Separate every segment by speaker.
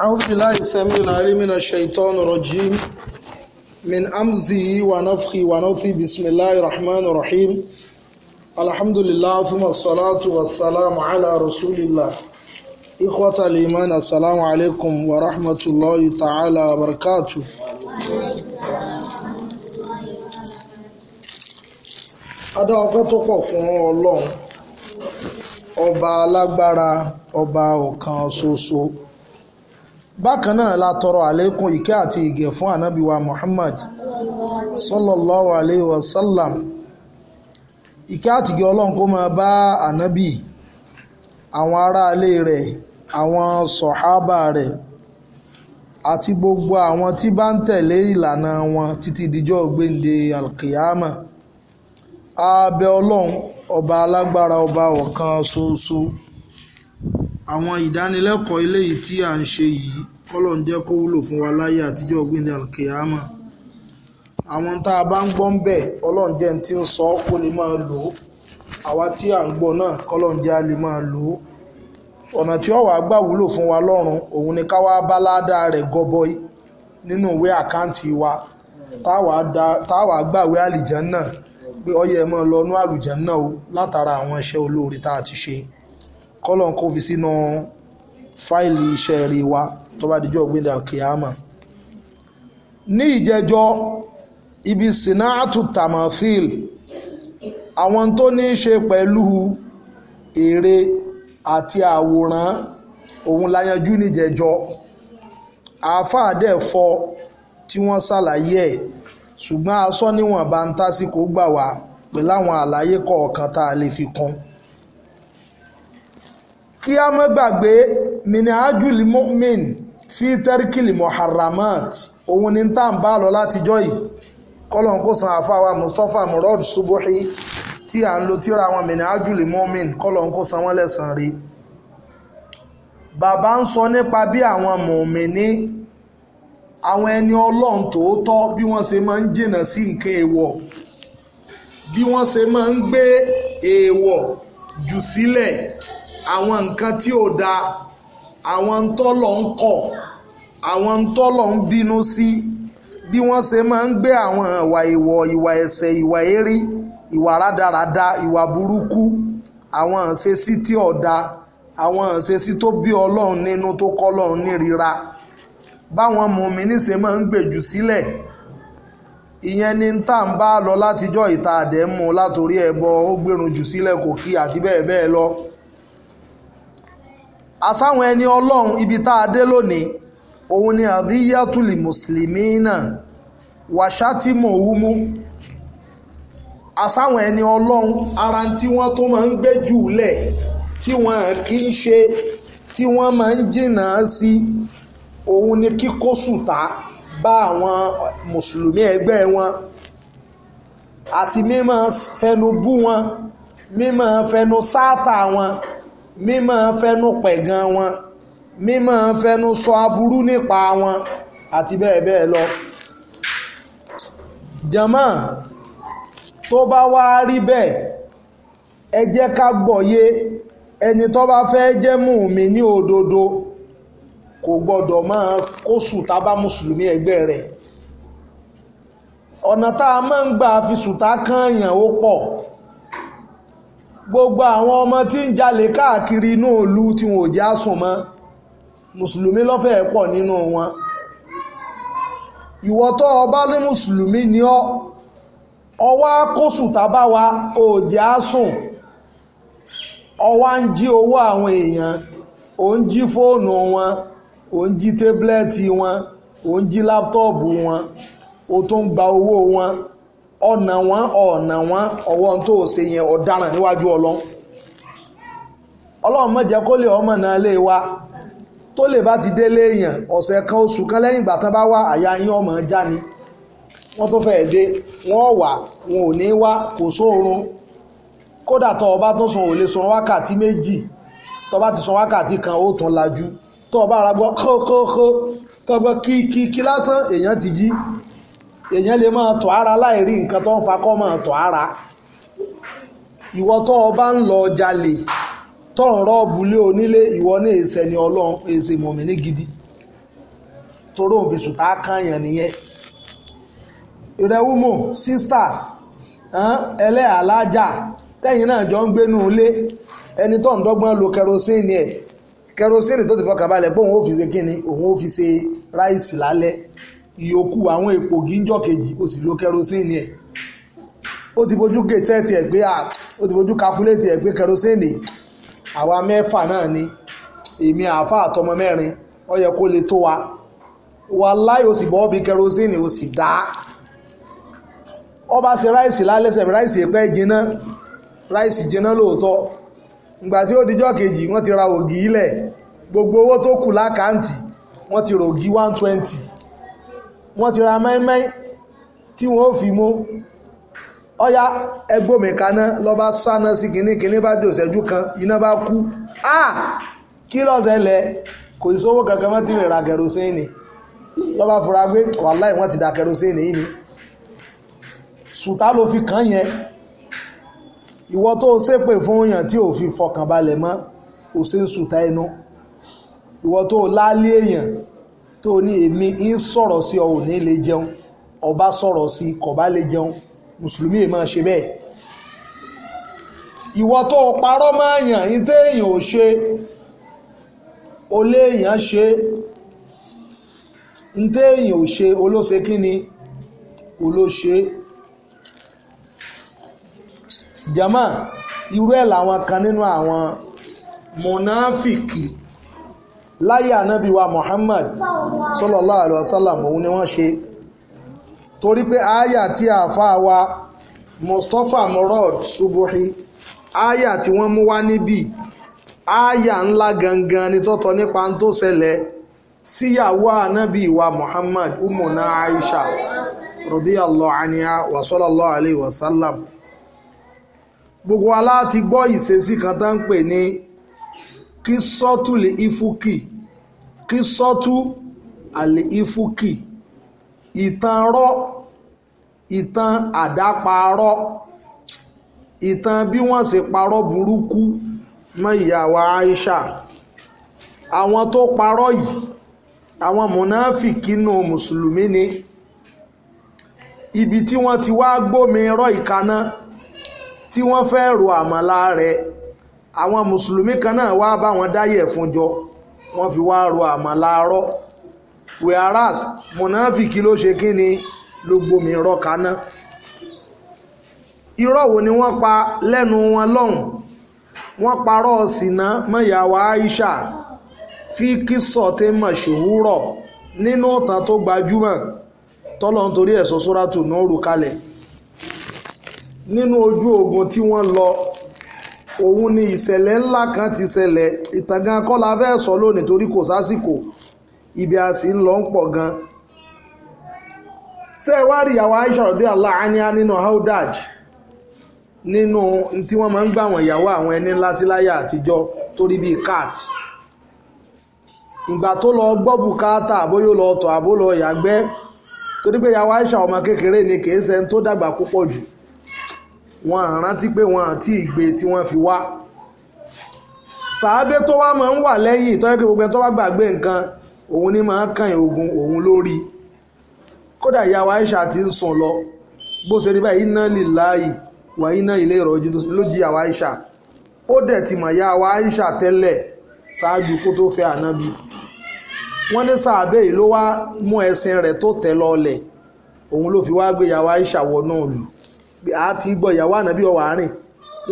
Speaker 1: أعوذ بالله السميع العليم من الشيطان الرجيم من أمزه ونفخي ونوفي بسم الله الرحمن الرحيم الحمد لله ثم الصلاة والسلام على رسول الله إخوة الإيمان السلام عليكم ورحمة الله تعالى وبركاته adá ọpẹ́ tó pọ̀ fún Ọlọ́run ọba alágbára ọba ọ̀kan ṣoṣo bákan náà la tọrọ àlékún ìkẹ́ àti ìgẹ̀ fún ànábì wa Muhammad sallallahu alayhi wa sallam ìkẹ́ àti ìgẹ̀ ọlọ́run kó máa bá ànábì àwọn aráalé rẹ̀ àwọn sọ̀hábà rẹ̀ àti gbogbo àwọn tí bá ń tẹ̀lé ìlànà wọn títí dijọ́ gbéǹde alkiyama a bẹ̀ ọba alágbára ọba ọ̀kan ṣoṣo àwọn ìdánilẹ́kọ̀ọ́ eléyìí tí à ń ṣe yìí kọ́lọ́n jẹ́ kó wúlò fún wa láyé àtijọ́ ọ̀gbìn alkiyama àwọn tá a bá ń gbọ́ ń bẹ̀ ọlọ́run jẹ́ ní tí ń sọ kó lè máa lò ó àwa tí à ń gbọ́ náà kọ́lọ́n jẹ́ a lè máa lò ó ọ̀nà tí ọ̀wà gbà wúlò fún wa lọ́rùn òun ni ká wá bá ládàá rẹ̀ gọbọi nínú ìwé àkáǹtì wa táwa gbàwé àlìjẹ́ náà pé ọyẹ ẹ̀ máa lọ inú àlùjẹ́ náà o látara àwọn iṣẹ́ olóore tá a ti ṣe kọ́lọ̀ kó fi sínú fáìlì iṣẹ́ rí wa tó bá dijọ́ gbé alkiyama ní ìjẹjọ́ ibi sinatu tamathil àwọn tó ní í ṣe pẹ̀lú ère àti àwòrán òun layanjú níjẹjọ́ àáfàá dẹ̀ fọ tí wọ́n ṣàlàyé ẹ̀ ṣùgbọ́n aṣọ níwọ̀n bá ń tásìkò gbà wá pẹ̀lú àlàyé kọ̀ọ̀kan tá a lè fi kún un. kí a má gbàgbé minahajul mu'min fi tẹ́ríkìlì muharramat òun ni tá à ń bá lọ látijọ́ yìí kọ́lọ́n kó san àfáwà mustapha murad subuhi tí à ń lo tíra wọn minahajul mu'min kọ́lọ́n kó san wọ́n lẹ́sàn rí bàbá ń sọ nípa bí àwọn mùmíní àwọn ẹni ọlọ́run tòótọ́ bí wọ́n ṣe máa ń jìnnà sí nǹkan èèwọ̀ bí wọ́n ṣe máa ń gbé èèwọ̀ jù sílẹ̀ àwọn nǹkan tí ò dáa àwọn ntọ́lọ̀ ń kọ̀ àwọn ntọ́lọ̀ ń bínú sí bí wọ́n ṣe máa ń gbé àwọn ìwà ìwọ̀ ìwà ẹ̀ṣẹ̀ ìwà eré ìwà rádaràda ìwà burúkú àwọn ìṣesí tí ò dáa àwọn ìṣesí tó bí ọlọ́run nínú tó kọ́ ọlọ́run nírira báwọn mùmíní ṣe máa ń gbèjù sílẹ̀ ìyẹn ni tá à ń bá lọ látijọ́ ìta àdẹ́mú látòrí ẹ̀bọ ó gbérun jù sílẹ̀ kò kí àti bẹ́ẹ̀ bẹ́ẹ̀ lọ àsáwọn ẹni ọlọ́run ibi tá a dé lónìí òun ni àdíyàtúlì mùsùlùmí náà wàṣátì mọ̀húmú àsáwọn ẹni ọlọ́run ara tí wọ́n tó máa ń gbé jù lẹ̀ tí wọ́n kì í ṣe tí wọ́n máa ń jìnnà sí òun ni kíkó sùtá bá àwọn mùsùlùmí ẹgbẹ́ wọn àti mímọ́ fẹnu bú wọn mímọ́ fẹnu sáátà wọn mímọ́ fẹ́nu pẹ̀gàn wọn mímọ́ fẹ́nu sọ aburú nípa wọn àti bẹ́ẹ̀ bẹ́ẹ̀ lọ jàmá tó bá wá rí bẹ́ẹ̀ ẹ jẹ́ ká gbọ́yé ẹni tó bá fẹ́ jẹ́ mùmí ní òdodo kò gbọ́dọ̀ máa kó sùtá bá mùsùlùmí ẹgbẹ́ rẹ̀ ọ̀nà tá a máa ń gbà fi sùtá kàn yàn ó pọ̀ gbogbo àwọn ọmọ tí ń jalè káàkiri inú òlu tí wọn ò já sùn mọ́ pọ̀ nínú wọn ìwọ tó ní mùsùlùmí ni ọ́ ọwá kóṣù tábá wa ò já sùn ọwá ń jí owó àwọn èèyàn ò ń jí fóònù wọn ò ń jí tébúlẹ́ẹ̀tì wọn ò ń jí láptọ́ọ̀bù wọn ó tún ń gba owó wọn ọ̀nà wọn ọ̀nà wọn ọwọ́ tó ṣe yẹn ọ̀daràn níwájú ọlọ́run ọlọ́run má jẹ́ kó lè ọmọ náà lè wa tó lè bá ti délé èèyàn ọ̀sẹ̀ kan oṣù kan lẹ́yìn ìgbà tán bá wá àyà yín ọmọ já ni wọ́n tó fẹ́ẹ̀ dé wọ́n wà wọn ò ní wá kò sóorun kódà tó o bá tó sùn ò lè sùn wákàtí méjì tó o bá ti sùn wákàtí kan ó tún lajú tó o bá ara gbọ́ kókókó tó o gbọ́ kíkí lásán èèyàn ti jí èèyàn lè máa tọ̀ ara láì rí nǹkan tó ń fa kọ́ máa tọ̀ ara ìwọ tó o bá ń lọ jalè tó ń rọ́ọ̀bù lé onílé ìwọ ní èsè ni ọlọ́run èsè mọ̀mí ní gidi torí òun a sùtá kàyàn nìyẹn ìrẹwúmọ sísítà ẹlẹ́àlájà tẹ́yìn náà jọ ń gbénú ilé ẹni tó ń dọ́gbọ́n lo kẹrosíìnì ẹ̀ kẹrosíìnì tó ti fọkàn balẹ̀ pé òun ó fi ṣe kíni òun ó fi ṣe ráìsì lálẹ́ ìyókù àwọn èpò gíńjọ́ kejì ó sì lo kẹrosíìnì ẹ ó ti fojú gẹ̀ẹ́tì ah, ti fojú kakuléètì náà ni èmi àáfà àtọmọ mẹ́rin ó yẹ kó lè tó wa wà ó sì bọ́ bí kẹrosíìnì ó sì dá ọba ṣe ráìsì lálẹ́sẹ̀ ráìsì ẹ̀pẹ́ jiná ráìsì jiná lóòótọ́ ìgbà tí ó dijọ́ ra ògì ilẹ̀ gbogbo owó tó kù lákàntì wọ́n ti rògì one twenty wọ́n ti ra mẹ́mẹ́ tí wọ́n ó fi mú ọya ẹgbómi kaná lọ́ba sáná sí kinní kinní bá jò ṣẹ́jú kan iná bá kú ah kí lọ́sẹ̀lẹ̀ kò sí sówó kankan mọ́ tí mi ra kẹrosíìnì lọ́ba fura gbé wàláì wọ́n ti da kẹrosíìnì yìí ni sùtá ló fi kàn yẹn ìwọ tó o ṣépè fún èèyàn tí ò fi fọkànbalẹ̀ mọ́ ò ṣe ń sùtá ẹnu ìwọ tó o láálé èèyàn tó ní èmi ń sọ̀rọ̀ sí ọ ò ní lè jẹun ọba sọ̀rọ̀ sí kò bá lè jẹun mùsùlùmí ẹ̀ máa ṣe bẹ́ẹ̀ ìwọ tó parọ́ máa yàn ní téèyàn ò ṣe o léèyàn ṣe ní téèyàn ò ṣe olóṣe kí olóṣe jama irú ẹ̀ làwọn kan nínú àwọn mọ̀náfìkì láyé ànábì wa Muhammad sallallahu alaihi wasallam òun ni wọ́n ṣe torí pé àyà tí àáfàá wa Mustapha Murad Subuhi àyà tí wọ́n mú wá níbí àyà ńlá gangan ni tọ́tọ́ nípa ń tó ṣẹlẹ̀ síyàwó ànábì wa Muhammad umuna Aisha radiyallahu anha wa sallallahu alaihi wasallam gbogbo aláti gbọ́ ìṣesí kan tá pè ní kí sọ́tù lè ifúkì kí sọ́tù àlè ifúkì ìtàn rọ́ ìtàn àdáparọ́ ìtàn bí wọ́n ṣe parọ́ burúkú mọ́ ìyàwó Aisha àwọn tó parọ́ yìí àwọn mùnáfìkínú mùsùlùmí ni ibi tí wọ́n ti wá gbómi rọ́ ìkaná tí wọ́n fẹ́ ro àmàlà rẹ̀ àwọn mùsùlùmí kan náà wá bá wọn dáyẹ̀ fún jọ wọ́n fi wá ro àmọ́ láàárọ̀ whereas mọ̀nàfìkì ló ṣe kí ni ló gbomi irọ́ kaná irọ́ wo ni wọ́n pa lẹ́nu wọn lọ́hùn wọ́n parọ́ sínà mọ́yàwó Aisha fi kíso tẹ́ mọ̀ ṣòwúrọ̀ nínú ọ̀tàn tó gbajúmọ̀ tọ́lọ̀ nítorí ẹ̀sọ́ sóràtù náà rù kalẹ̀ nínú ojú ogun tí wọ́n lọ òun ni ìṣẹ̀lẹ̀ ńlá kan ti ṣẹlẹ̀ itagan gan kọ́ la fẹ́ sọ lónìí torí kò sásìkò ibi a sì ń lọ ń pọ̀ gan. ṣé ẹ wá rí ìyàwó Aisha rọ̀dí aláàánìá nínú haudaj nínú tí wọ́n máa ń gbà wọ́n ìyàwó àwọn ẹni ńlá sí láyé àtijọ́ torí bíi cat ìgbà tó lọ gbọ́ bùkátà bóyá lọ tọ̀ àbó lọ yàgbẹ́ torí pé ìyàwó Aisha ọmọ kékeré ni kì í ṣe ń tó dàgbà púpọ̀ jù wọn à rántí pé wọn àti ìgbé tí wọ́n fi wá sàábé tó wá máa ń wà lẹ́yìn tó yẹ kí gbogbo ẹ̀ tó bá gbàgbé nǹkan òun ni máa ń kàn yín ogun òun lórí kódà ìyàwó Aisha ti ń sùn lọ bó ṣe rí báyìí iná lìláyì wà iná ilé ìrọ̀jú ló jí ìyàwó Aisha ó dẹ̀ ti mọ̀ ìyàwó Aisha tẹ́lẹ̀ ṣáájú kó tó fẹ́ ànábì wọ́n ní sàábé yìí ló wá mú ẹsìn rẹ̀ tó tẹ̀ lọ́ọ̀lẹ̀ òun ló fi wá gbé ìyàwó Aisha wọnú ìlú àti gbọ́ ìyàwó ànábì ọwọ́ àárín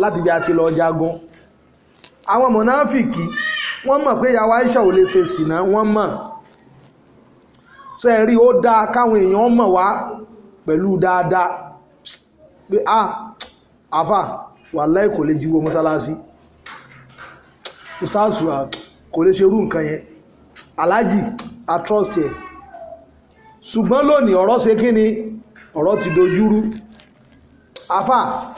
Speaker 1: láti bí a ti lọ jagun àwọn mọ̀náfìkì wọ́n mọ̀ pé ìyàwó Aisha ò lè ṣe sìnà wọ́n mọ̀ sẹ́ẹ̀rí ó dáa káwọn èèyàn mọ̀ wá pẹ̀lú dáadáa pé a àfà wàláhì kò lè jíwó mọ́sálásí ustaasu kò lè ṣerú nǹkan yẹn aláàjì atrọ́sì ẹ̀ ṣùgbọ́n lónìí ọ̀rọ̀ ṣe kí ni ọ̀rọ̀ ti dojúrú àfà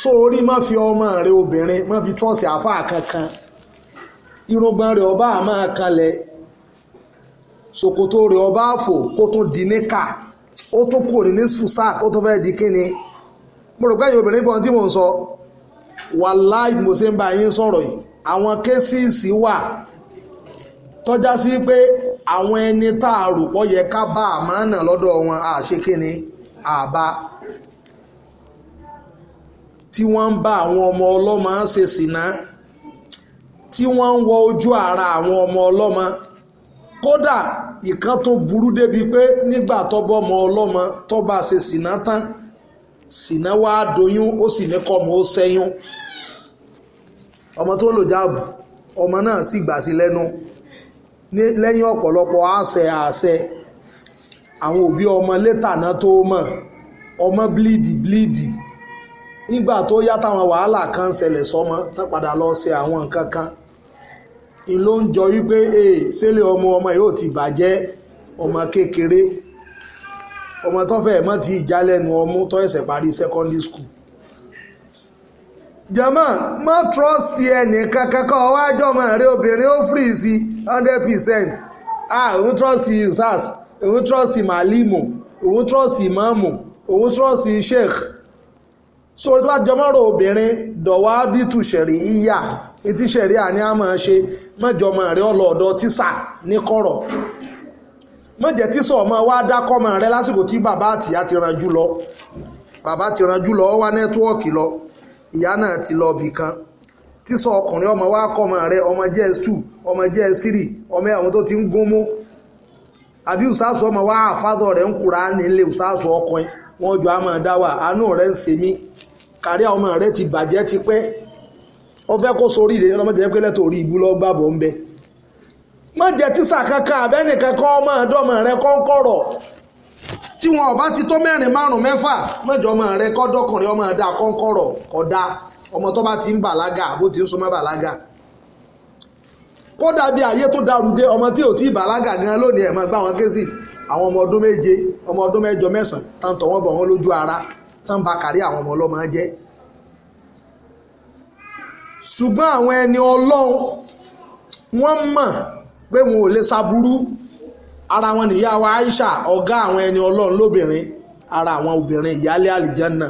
Speaker 1: so orí má fi ọmọ rẹ obìnrin má fi trọ́ọ̀sì àfà kankan irùngbọ̀n rẹ ọba àmọ́ kanlẹ̀ ṣòkòtò rẹ ọba àfò kó tún di níkà ó tún kúrò ní susac ó tún fẹ́ di kíni mo rò pé ẹ̀yin obìnrin gbọ́n tí mò ń sọ wàláì mo ṣe ń bá yín sọ̀rọ̀ yìí àwọn kéṣìṣì wà tọ́já sí pé àwọn ẹni tá a rò pọ̀ yẹ ká bá àmọ́ náà lọ́dọ̀ wọn àṣekíni àbá tí wọ́n ń bá àwọn ọmọ ọlọ́mọ ṣe ṣìnà tí wọ́n ń wọ ojú ara àwọn ọmọ ọlọ́mọ kódà ìkan tó burú débi pé nígbà tọ́bọ́ ọmọ ọlọ́mọ tó bá ṣe ṣìnà tán ṣìnà wá doyún ó sì ní kọ́mọ ó ṣẹ́yún ọmọ tó lò jáàbù ọmọ náà sì gbà sí lẹ́nu lẹ́yìn ọ̀pọ̀lọpọ̀ àṣẹ àṣẹ àwọn òbí ọmọ létà náà tó mọ̀ ọmọ bílíìdì bílíìdì nígbà tó yá táwọn wàhálà kan ṣẹlẹ̀ sọmọ tán padà lọ ṣe àwọn nǹkan kan n ló ń jọ wípé ee ṣẹlẹ̀ ọmọ ọmọ yóò ti bàjẹ́ ọmọ kékeré ọmọ tó fẹ́ mọ́ ti ìjà lẹ́nu ọmú tó ẹ̀sẹ̀ parí secondary school jama má trọ́ọ̀sì ẹnìkan kankan ọwọ́ àjọmọ̀ rẹ obìnrin ó fìrì sí hundred percent ah òun trọ́ọ̀sì usas òun trọ́ọ̀sì màlímù òun trọ́ọ̀sì mọ́mù òun trọ́ọ̀sì sheikh sórí tó bá jọmọ́ rò obìnrin dọ̀wá bítù ṣẹ̀rí ìyá etí ṣẹ̀rí àní àmọ́ ṣe mọ́jọmọ́ rẹ ọlọ́ọ̀dọ́ tíṣà ní kọ̀rọ̀ mọ́jẹ̀ tíṣà ọmọ wa dákọ́mọ rẹ lásìkò tí bàbá àtìyá ti ranjú lọ bàbá ti ranjú lọ ó wá nẹ́tíwọ́ọ̀kì lọ ìyá náà ti lọ bì kan tíṣà ọkùnrin ọmọ wa kọ́mọ rẹ ọmọ js2 ọmọ js3 ọmọ àwọn tó ti ń gúnmú àbí ùsàsù ọmọ wa àfáàdọ̀ rẹ̀ ń kúra nílé ùsàsù ọkùnrin wọn jọ àmọ̀ dáwà àánú rẹ̀ ń ṣe mí kárí àwọn ọmọ rẹ ti bàjẹ́ ti pẹ́ ó fẹ́ kó sórí ìrẹ́ ọlọ́mọdé pé lẹ́tọ̀ orí ibú lọ́ọ́ gbàbọ̀ ń bẹ má jẹ́ tísà kankan àbẹ́nìkan kan ọmọ ọ̀dọ́mọ rẹ kọ́ńkọ̀rọ̀ tí wọn ọba ti tó mẹ́rin márùn mẹ́fà mẹ́jọ ọmọ rẹ kọ́dọ́kùnrin ọmọ ẹ̀dá kọ́ńkọ̀rọ̀ kódà ọmọ tó bá ti ń bàlágà àbó ti ń súnmọ́ bàlágà kódà bí ayé tó dàrú dé ọmọ tí ò tí ì bàlágà gan lónìí ẹ̀ máa gbá àwọn kéésì àwọn ọmọ ọdún méje ọmọ ọdún mẹ́jọ mẹ́sàn-án tàǹtọ̀ wọn bọ̀ wọn lójú ara tán bá kárí àwọn ọmọ ọlọ́mọ jẹ́ ṣùgbọ́n àwọn ẹni ọlọ́run wọ́n mọ̀ pé wọn ò lè ṣaburú ara wọn nìyá wa Aisha ọ̀gá àwọn ẹni ọlọ́run lóbìnrin ara àwọn obìnrin ìyálé àlìjánná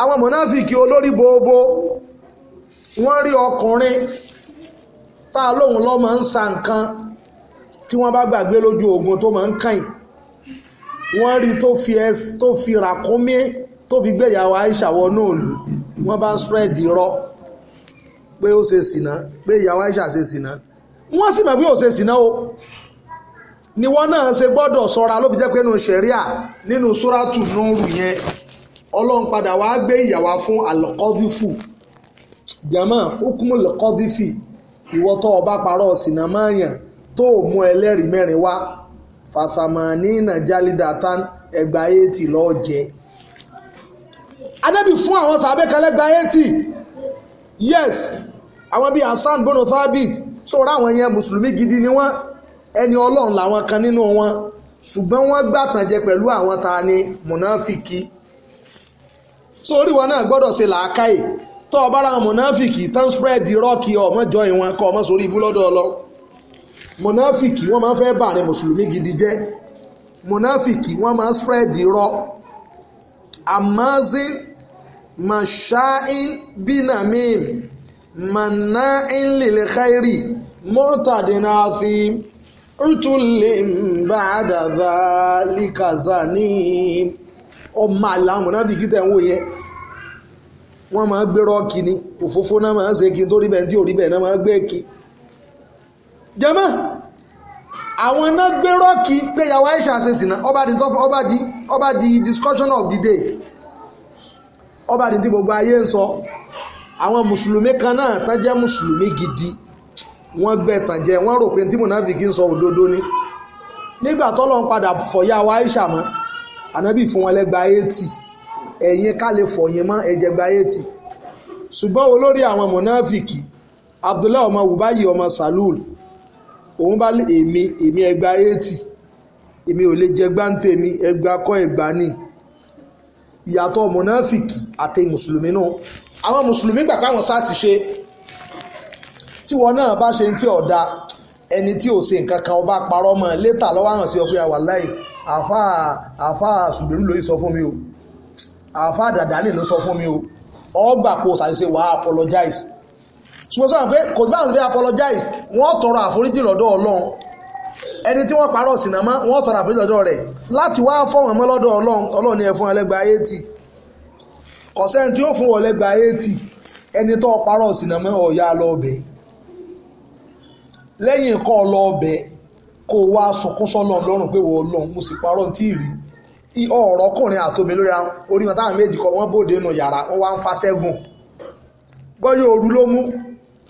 Speaker 1: àwọn mọ̀náfìkì olórí gbogbo wọ́n rí ọkùnrin tá a lóun lọ́ máa ń sa nǹkan tí wọ́n bá gbàgbé lójú ogun tó máa ń kàn yìí wọ́n rí tó fi ẹs tó fi ràkúnmí tó fi gbẹ̀yàwó Aisha wọnú òòlù wọ́n bá spread irọ́ pé ó ṣe sìnà pé ìyàwó Aisha ṣe sìnà wọ́n sì mọ̀ pé ó ṣe sìnà o ni wọ́n náà ṣe gbọ́dọ̀ sọ́ra ló fi jẹ́ pé nínú ṣẹ̀ríà nínú súrátù nùrù yẹn ọlọ́run padà wàá gbé ìyàwó fún alọ́kọ́fífù jẹ́mọ́ ókùnmù lọ́kọ́fífì ìwọ tó parọ́ sìnà máa yàn tó mú ẹlẹ́rìí mẹ́rin wá fàtàmánì nàjálídàtàn ẹgbàá eighty lọ́ọ́ jẹ adébí fún àwọn sàbẹ̀ kan lẹ́gbàá eighty yes àwọn bíi Hasan bono thabit sọ̀rọ̀ àwọn yẹn mùsùlùmí gidi ni wọ́n ẹni ọlọ́run làwọn kan nínú wọn ṣùgbọ́n wọ́n gbàtànjẹ pẹ̀lú àwọn ta ni mùnáfìkì sórí wọn náà gbọ́dọ̀ ṣe làákàyè tọ́ ọ bára mùnáfìkì tán spread rọ́ọ̀kì ọmọ jọyìn wọn kọ́ ọmọ sórí ibú lọ́dọ̀ ọlọ́run mọ̀náfìkì wọ́n máa ń fẹ́ bà ní mùsùlùmí gidi jẹ́ mọ̀náfìkì wọ́n máa ń spread irọ́ amazin mashain binamim mannain lil khairi mọ́tàdín àfim utulim ba'da dhalika zanim ọmọ àlà mọ̀náfìkì tẹ̀ ń wò yẹn wọ́n máa gbé rọ́ọ̀kì ni òfófó náà máa ń ṣe kí n tó rí bẹ́ẹ̀ tí ò rí bẹ́ẹ̀ náà máa gbé kí jẹ́mọ́ àwọn iná gbé rọ́ọ̀kì pé yàwó Aisha ṣe sìnà ọba di tọ́fọ́ ọba di ọba di discussion of the day ọba di ti gbogbo ayé ń sọ àwọn mùsùlùmí kan náà tán jẹ́ mùsùlùmí gidi wọ́n gbẹ́ tàn jẹ wọ́n rò pé tí mùnàfíkì ń sọ òdodo ni nígbà tọ́lọ́ ń padà fọ̀ yàwó Aisha mọ́ ànábì fún wọn lẹ́gba eighty ẹ̀yin ká lè fọ̀yìn mọ́ ẹ̀jẹ̀ gba eighty ṣùgbọ́n olórí àwọn mùnàfíkì Abdullahi ọmọ wùbáyì ọmọ Salul òun bá lé èmi èmi ẹgbàá eighty èmi ò lè jẹ gbáǹtẹ̀ mi ẹgbàá kọ́ ẹgbàá ni ìyàtọ̀ mọ̀nàfìkì àti mùsùlùmí náà àwọn mùsùlùmí gbà káwọn sáàsì ṣe tí wọn náà bá ṣe ti ọ̀dà ẹni tí ò ṣe nǹkan kan ọba parọ́ mọ́ létà lọ́wọ́ àwọn sí ọ pé àwà láì àfa àfa ṣùgbẹ́rù lóyún sọ fún mi o àfa dàdánì ló sọ fún mi o ọgbà kó ṣàṣìṣe wàá apologize ṣùgbọ́n sọ́wọ́n pé kò tí bá ń apologize wọ́n tọrọ àforíjì lọ́dọ̀ ọlọ́run ẹni tí wọ́n parọ́ sinamá wọ́n tọrọ àforíjì lọ́dọ̀ rẹ̀ láti wá fọ̀wọ́n mọ́ lọ́dọ̀ ọlọ́run ọlọ́run ni ẹ fún ẹlẹ́gba eighty kọ̀sẹ́ni tí ó fún ọlẹ́gba eighty ẹni tó parọ́ sinamá ọ̀ya lọ́ọ̀bẹ lẹ́yìn kọ́ lọ́ọ̀bẹ kó o wá sọkún sọ́nà ọlọ́run pé wọ́n ọlọ́run mo sì parọ́ tí ì rí ọ̀rọ̀ ọkùnrin àtòmí lórí ara orí wọn táwọn méjì kọ wọn bòde nù yàrá wọn wá ń fatẹ́gùn gbọ́yọ̀ òru ló mú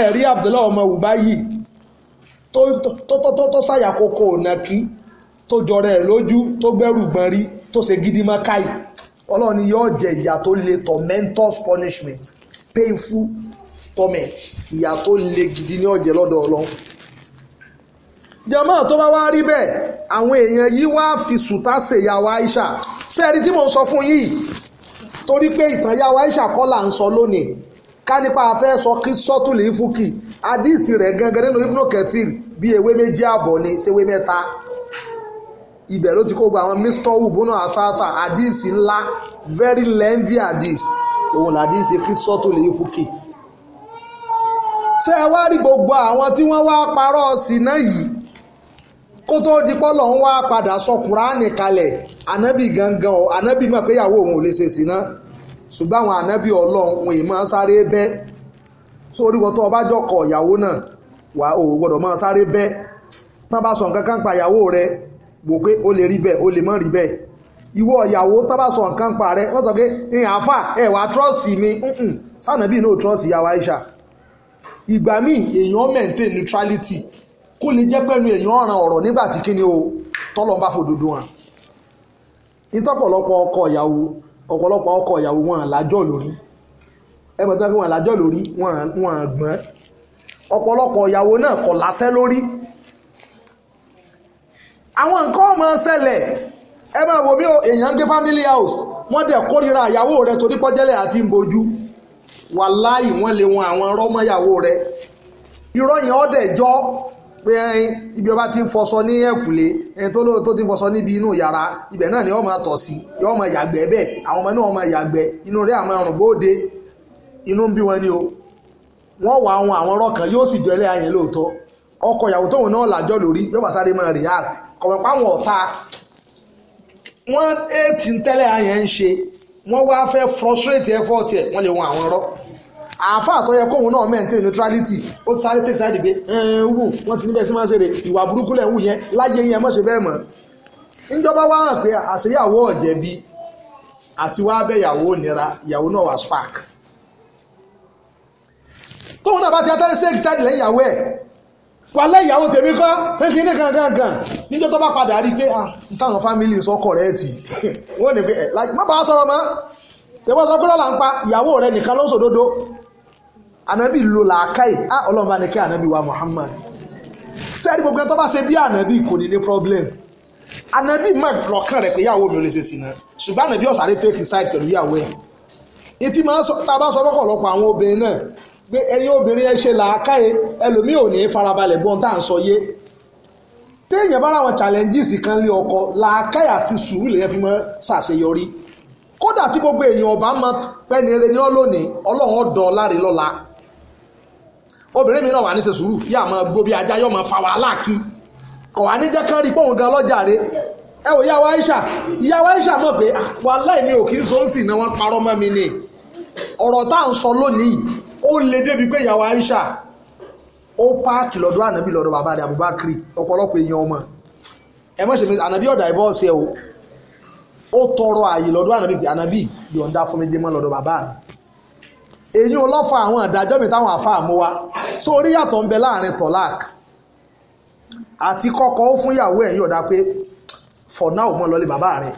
Speaker 1: ẹ̀rí Abdullahi ọmọ wùbá yìí tó sáyà kókó nàkí tó jọrọ ẹ̀ lójú tó gbẹ́rù gbọ́n rí tó ṣe gidi mọ́ káyì ọlọ́run ni yóò jẹ ìyà tó le tormentous punishment painful torment ìyà tó le gidi ní ọ̀jẹ̀ lọ́dọ̀ ọlọ́run jàmáà tó bá wá rí bẹ́ẹ̀ àwọn èèyàn yìí wá fi sùtá ṣèyàwó Aisha ṣẹ́ẹ̀rí tí mò ń sọ fún yìí torí pé ìtàn yàwó Aisha kọ́ là ń sọ lónìí ká nípa afẹ́ sọ kí sọ́tùlì fúkì àdìsí rẹ̀ gangan nínú ibnu kẹfìr bí ewé méjì àbọ̀ ni ṣéwé mẹ́ta ibẹ̀ ló ti kó gba àwọn mistọ́wù bọ́nà àsáàsà àdìsí ńlá very lengthy àdìsí òun làdìsí kí sọ́tùlì fúkì ṣé ẹ wá rí gbogbo àwọn tí wọ́n wá parọ́ sínà yìí kó tó di pọ́lọ̀ ń wá padà sọ kùránì kalẹ̀ ànábì gangan ànábì mọ̀ pé ìyàwó òun ò lè ṣe sínà ṣùgbọ́n àwọn ànábì ọlọ́run wọn èèmọ̀ sáré bẹ́ sórí wọn tó ọba jọkọ̀ ìyàwó náà wà ó gbọ́dọ̀ máa sáré bẹ́ tán bá sọ nǹkan kan pa ìyàwó rẹ wò pé ó lè rí bẹ́ẹ̀ ó lè má rí bẹ́ẹ̀ ìwọ ìyàwó tán bá sọ nǹkan pa rẹ wọ́n sọ pé ìhàn àfà ẹ̀ wà trọ́ọ̀sì mi sànàbí náà trọ́ọ̀sì ìyàwó Aisha ìgbà míì èèyàn maintain neutrality kó lè jẹ́ pẹ́nu èèyàn ọ̀ràn ọ̀rọ̀ o tọ́lọ́ bá fòdodo hàn ìtọ́pọ̀lọpọ̀ ọkọ ìyàwó ọ̀pọ̀lọpọ̀ ọkọ ìyàwó wọn làjọ lórí ẹgbẹ́ tó ń pè wọn làjọ lórí wọn gbọ́n ọ̀pọ̀lọpọ̀ ìyàwó náà kọ̀ láṣẹ́ lórí àwọn nǹkan ọmọ ṣẹlẹ̀ ẹ máa wò bí èèyàn ń gbé family house wọ́n dẹ̀ kórìíra ìyàwó rẹ torí pọ́jẹ́lẹ̀ àti ìbojú wàláì wọ́n lè wọn àwọn rọ́mọ́yàwó rẹ irọ́ yẹn ọ́ dẹ̀ jọ́ pé ibi ọba ti ń fọsọ ní ẹ̀kúlé ẹni tó lóòótọ́ ti ń fọsọ níbi inú yàrá ibẹ̀ náà ni ọmọ tọ̀ sí ọmọ yàgbẹ́ bẹ́ẹ̀ àwọn ọmọ náà ọmọ yàgbẹ́ inú rẹ̀ àmọ́ ọ̀rùn bóde inú ń bí wọn ni o wọ́n wà àwọn àwọn ọ̀rọ̀ kan yóò sì jọ ẹlẹ́yà yẹn lóòótọ́ ọkọ ìyàwó tóun náà làjọ lórí yóò bá sáré máa react kọ̀wé páwọn ọ̀tá wọ́n èètì ń tẹ́lẹ̀ yẹn frustrate effort afọ atọ kóhun náà maintain neutrality ó ti sáré take side gbé wù wọ́n ti níbẹ̀ sí máa ń ṣeré ìwà burúkú lẹ̀ ń wù yẹn láyé yẹn mọ̀ ṣe bẹ́ẹ̀ mọ̀ níjọba wá hàn pé àṣeyàwó ọ̀jẹ̀bi àti wá nira ìyàwó náà wà spark náà bá ti atẹ́rẹ́ sí gangan níjọ́ tó bá padà rí pé ah, táwọn fámìlì ti wọ́n ní pé ẹ̀ eh, má bàa sọ̀rọ̀ mọ́ sọ Anabi lo làákàyè á ah, ọlọ́run bá ní kí ànábì wa Muhammad sẹ́ẹ̀dì gbogbo ẹ̀ tó bá ṣe bí ànábì kò ní ní problem Anabi mọ̀ lọ́kàn rẹ̀ pé ìyàwó mi ò lè ṣe sí náà ṣùgbọ́n ànábì ọ̀sàrè take side pẹ̀lú ìyàwó ẹ̀ etí máa sọ tá a bá sọ fọ́pọ̀lọpọ̀ àwọn obìnrin náà pé ẹ̀yin obìnrin ẹ ṣe làákàyè ẹlòmíì ò ní farabalẹ̀ gbọ́n tá à ń sọ yé téèyàn bá ráwọn challenges kan lé ọkọ làákàyè àti sùúrù lèyàn fi máa ṣàṣeyọrí kódà tí gbogbo èèyàn ọba máa pẹ́ni eré ní ọlọ́ọ̀ni ọlọ́run ọ̀dọ́ láre lọ́la obìnrin mi náà wà ní ṣe sùúrù yà máa gbó bí ajá yọ máa fa wàhálà kí kọ̀ wá níjẹ́ kán rí pọ̀hùn gan lọ́jà rẹ̀ ẹ wò yàwó Aisha yàwó Aisha mọ̀ pé ah, wàhálà mi ò kí n so ń sìn náà wọ́n parọ́ mọ́ mi ni ọ̀rọ̀ tá à ń sọ lónìí ó le débi pé yàwó Aisha ó páàkì lọ́dọ̀ ànábì lọ́dọ̀ bàbá rẹ̀ Abubakri ọ̀pọ̀lọpọ̀ èèyàn ọmọ ẹ mọ̀ ṣe fi ànábì ọ̀dà ìbọ̀ o ó tọrọ ààyè lọ́dọ̀ ànábì ànábì yọ̀ǹda fún mi dé mọ́ èyí ò lọ́fà àwọn ìdájọ́ mi táwọn àfa so orí yàtọ̀ ń bẹ láàrin tọ́lák àti kọ́kọ́ ó fún ìyàwó for now mọ́ lọ́lé bàbá rẹ̀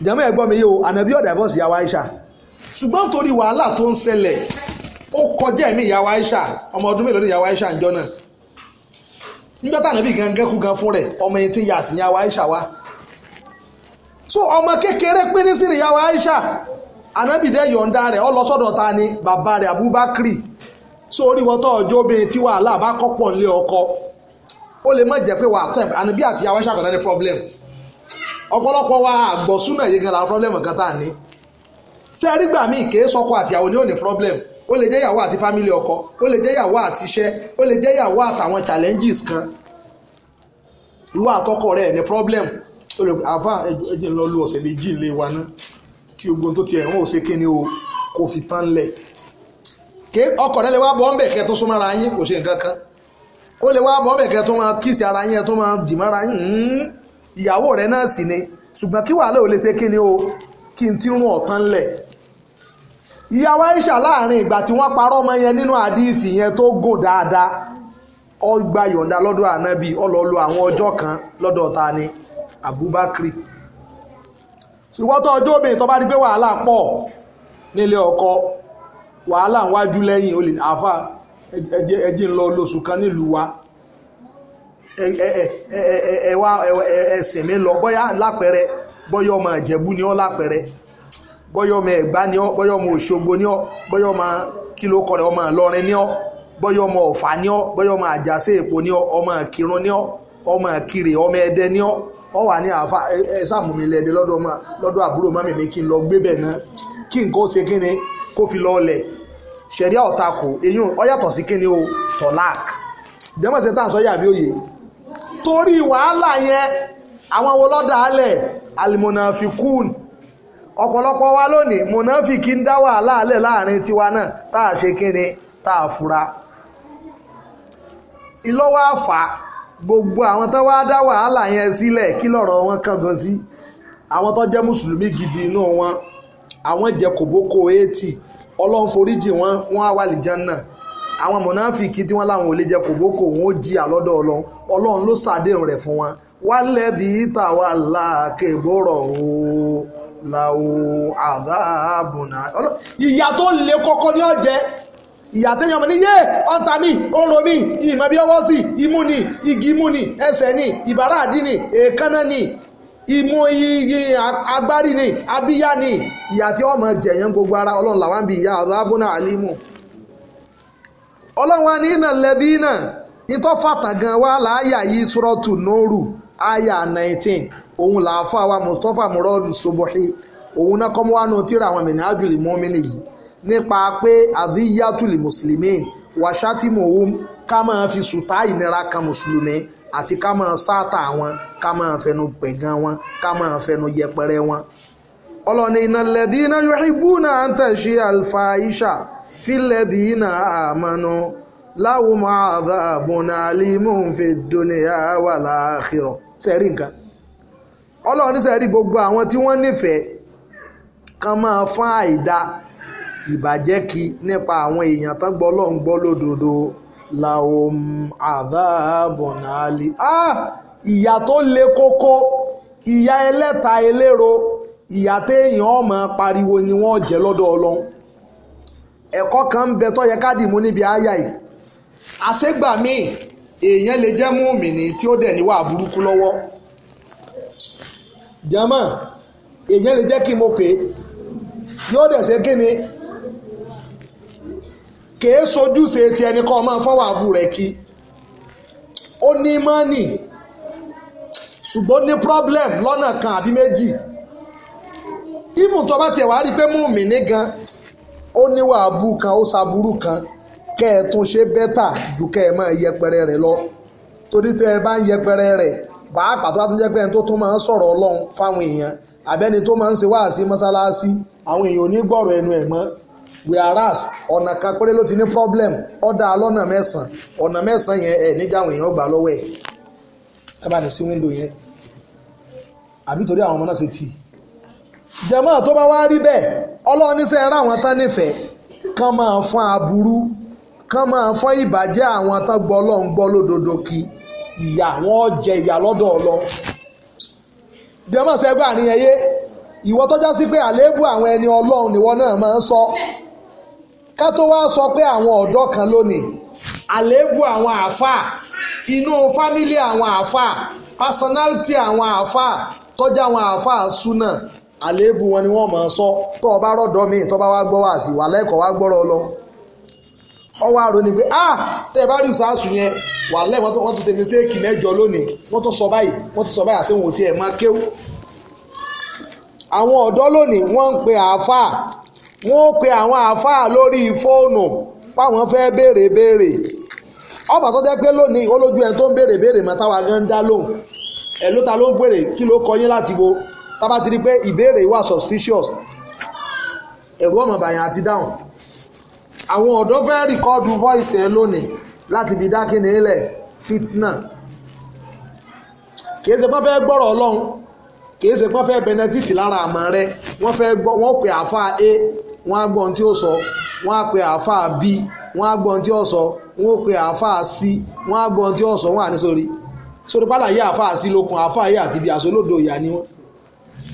Speaker 1: ìjàmọ́ ẹ̀gbọ́n mi o ànàbí ọ̀dà divorce ìyàwó tori ṣùgbọ́n torí wàhálà tó ń ṣẹlẹ̀ ó kọjá ẹ̀mí ìyàwó ọmọ ọdún mélòó ni ìyàwó Aisha ń jọ náà gan fún ọmọ wa so ọmọ kekere anabi dẹ́ yọ̀ǹda rẹ̀ ọ lọ sọ́dọ̀ ta ni bàbá rẹ̀ abubakri so orí wọ́tọ̀ ọjọ́ obìnrin tí wàhálà bá kọ́pọ̀ nílé ọkọ ó lè má jẹ́ pé wà á tẹ̀ anabi àti yàwá ṣàkàndá ní problem ọ̀pọ̀lọpọ̀ wa àgbọ̀ súnà yìí gan la problem kan tá a ní ṣé ẹ rí gbà míì kéé sọkọ àtìyàwó ni ó problem ó lè jẹ́ ìyàwó àti fámílì ọkọ ó lè jẹ́ ìyàwó àti iṣẹ́ ó lè jẹ́ ìyàwó àtàwọn challenges kan ìwọ àtọkọ rẹ̀ ní problem ó lè àfa ẹjẹ lọ lu ọ̀sẹ̀ méjì lé wa náà kí ogun tó ti ẹ̀rùn ò ṣe kí ni o kò fi tán lẹ̀ ké ọkọ̀ rẹ lè wá bọ́ ọ́nbẹ̀ kẹ́ tó súnmọ́ ara yín kò ṣe nǹkan kan ó lè wá bọ́ ọ́nbẹ̀ kẹ́ tó máa kíìsì ara yín tó máa dì mára yín ìyàwó rẹ náà sì ni ṣùgbọ́n kí wàhálà ò lè ṣe kí ni o kí n ti rún ọ̀tán lẹ̀ ìyàwó Aisha láàrin ìgbà tí wọ́n parọ́ ọmọ yẹn nínú àdíìsì yẹn tó gùn dáadáa ó gba yọ̀ǹda lọ́dọ̀ ànábì ó àwọn ọjọ́ kan lọ́dọ̀ ta ni Abubakar ṣùgbọ́n tó ọjọ́ obìnrin tó bá rí pé wàhálà pọ̀ nílé ọkọ wàhálà ń wájú lẹ́yìn olè àáfà ẹjí lọ kan nílùú wa ẹwà ẹsẹ̀ lọ bóyá lápẹẹrẹ ọmọ ìjẹ̀bú ni ọ́ Ọ wà ní àfa ẹ sáàmù mi lẹ́ẹ̀dẹ́ lọ́dọ̀ àbúrò mami mi kí n lọ gbé bẹ̀ náà kí n kó ṣe kí ni kó fi lọ lẹ̀ ṣẹ̀ríà ọ̀tá kò eyín ọ̀yàtọ̀ sí kí ni o tọ̀lák dẹ́mọ̀tẹ́ tá à ń sọ yàbí òye torí wàhálà yẹn àwọn wo lọ́dà alẹ̀ alimonafikun ọ̀pọ̀lọpọ̀ wa lónìí monafiki ń dá wàhálà alẹ̀ láàrin tiwa náà tá a ṣe kí ni tá à fura ìlọ́wọ́ àfà gbogbo àwọn tó wá dá wàhálà yẹn sílẹ̀ kí lọ́rọ̀ wọn kángan sí àwọn tó jẹ́ mùsùlùmí gidi inú wọn àwọn jẹ kòbókò eighty ọlọ́run foríjì wọn wọn á wà lìjẹ́ náà àwọn mọ̀nàfíkì tí wọ́n láwọn ò lè jẹ kòbókò wọn ó jí àlọ́dọ̀ ọlọ́run ọlọ́run ló ṣàdéhùn rẹ̀ fún wọn wálẹ̀ bí ìta wà láàkébọ̀rọ̀ o làwọn àdáàbùnà ìyà tó le kọ́kọ́ ní ọ̀jẹ́ ìyá téèyàn ní yé ọ̀tá mi oró mi ìmọ̀ bí ọwọ́ sí imú ni igi imú ni ẹsẹ̀ ni ìbára àdí ni èékánná ni imú agbárí ni abíyá ni tí ọmọ jẹ̀yàn gbogbo ara ọlọ́run làwọn ìyá àlímù ọlọ́run wa ní lẹ́bí ìtọ́ fàtàgàn wa láàyà àyà 19 òun làáfà wa Mustapha Murad Subuhi òun náà tíra àwọn mìíràn nípa pé àdíyàtúlì mùsùlùmí wàṣátìmọ̀wòm ká máa fi sùtá ìnira kan mùsùlùmí àti ká máa sáàtà wọn ká máa fẹnu pẹ̀gàn wọn ká máa fẹnu yẹpẹrẹ wọn. ọlọ́ni iná lẹ́dí iná yọ̀hìbú náà ń tẹ̀sí àlùfà ìṣà fílẹ̀dí iná àmọ́nú láwùú máa dá àbùnà àlímù fi dúnìyà wà láàkìrọ̀ sẹ́rí nǹkan. ọlọ́ni sẹ́rí gbogbo àwọn tí wọ́n nífẹ̀ẹ́ kan máa fún àìdáa ìbàjẹ́ kí nípa àwọn èèyàn tó gbọ́ lọ́n gbọ́ lódodo lahum adhabun ali. Ah! ìyà tó le kókó ìyà ẹlẹ́ta eléro ìyà téèyàn ọmọ pariwo ni wọ́n jẹ́ lọ́dọ̀ ọlọ́run ẹ̀kọ́ kan ń bẹ tó yẹ káàdì mú níbi àyà yìí àṣegbà míì èèyàn lè jẹ́ múùmìnì tí ó dẹ̀ níwà burúkú lọ́wọ́ jẹ́mọ̀ èèyàn lè jẹ́ kí mo fè yóò dẹ̀ ṣe kí ni kèé sojúṣe ti ẹni kọ́ máa fọ́wọ́ àbú rẹ̀ kí ó ní mọ́nì ṣùgbọ́n ní problem lọ́nà kan àbí méjì even tó bá tiẹ̀ wá rí i pé mùmí ní gan ó níwà abú kan ó ṣaburú kan kẹ́ ẹ tún ṣe bẹ́tà ju kẹ́ ẹ máa yẹpẹrẹ rẹ̀ lọ torí tẹ́ ẹ bá ń yẹpẹrẹ rẹ̀ pàápàá tó bá tún jẹ́ pé ẹni tó tún máa ń sọ̀rọ̀ ọlọ́run fáwọn èèyàn àbẹ́ni tó máa ń ṣe wáàsí mọ́sálásí àwọn èèyàn ò ní gbọ́rọ̀ ẹnu ẹ̀ mọ́ whereas ọ̀nà kan péré ló ti ní problem ọ̀dà lọ́nà mẹ́sàn-án ọ̀nà mẹ́sàn-án yẹn ẹ̀ níjà àwọn èèyàn gbà lọ́wọ́ ẹ̀ ẹ sí wíńdò yẹn àbí torí àwọn ọmọ náà ṣe tì jẹ́mọ́ tó bá wá rí bẹ́ẹ̀ àwọn tán nífẹ̀ẹ́ kán máa fọ́n aburú kán máa ìbàjẹ́ àwọn tán gbọ́ ọlọ́run gbọ́ lódodo kí wọn jẹ lọ́dọ̀ jẹ́mọ́ sẹ́gbà ìwọ ká tó wá sọ pé àwọn ọ̀dọ́ kan lónìí àléébù àwọn àáfàá inú fámílì àwọn àáfàá pásánálítì àwọn àáfàá tọ́jà àwọn àáfàá súnà àléébù wọn ni wọ́n máa sọ tó o bá rọ̀dọ̀ míì tó bá wá gbọ́ wá sí wà lẹ́kọ̀ọ́ wá gbọ́rọ̀ lọ ọwọ́ àrò ni pé ah tẹ́ ẹ bá rí ìsáàsù yẹn wà lẹ́ẹ̀ wọ́n tó wọ́n tó ṣe mistake mẹ́jọ lónìí wọ́n tó sọ báyìí wọ́n tó sọ báyìí àṣẹ wọn ò tiẹ̀ máa kéwú àwọn ọ̀dọ́ lónìí wọ́n ń pe àáfàá wọ́n pe àwọn àáfàá lórí fóònù páwọn fẹ́ béèrè béèrè ọba tó jẹ́ pé lónìí olójú ẹni tó ń béèrè béèrè mọ́tàwá gan ń dá lóhùn ẹ̀ ló ta ló ń béèrè kí ló kọ yín láti wo tábà ti rí pé ìbéèrè wà suspicious ẹ̀rú ọmọ bàyàn àti dáhùn àwọn ọ̀dọ́ fẹ́ rìkọ́dù voice ẹ̀ lónìí láti fi dákìní ilẹ̀ fitna kìí ṣe pé wọ́n fẹ́ gbọ́rọ̀ ọlọ́run kìí ṣe pé fẹ́ benefit lára àmọ́ rẹ wọ́n fẹ́ gbọ́ wọ́n pè àáfàá a wọn á gbọ́n tí ó sọ wọn á pe àáfàá bí wọn á gbọ́n tí ó sọ wọn ó pe àáfàá sí wọn á gbọ́n tí ó sọ wọn ní sórí sórí pálá yé sí lókun yé àti ibi ìyá ni wọ́n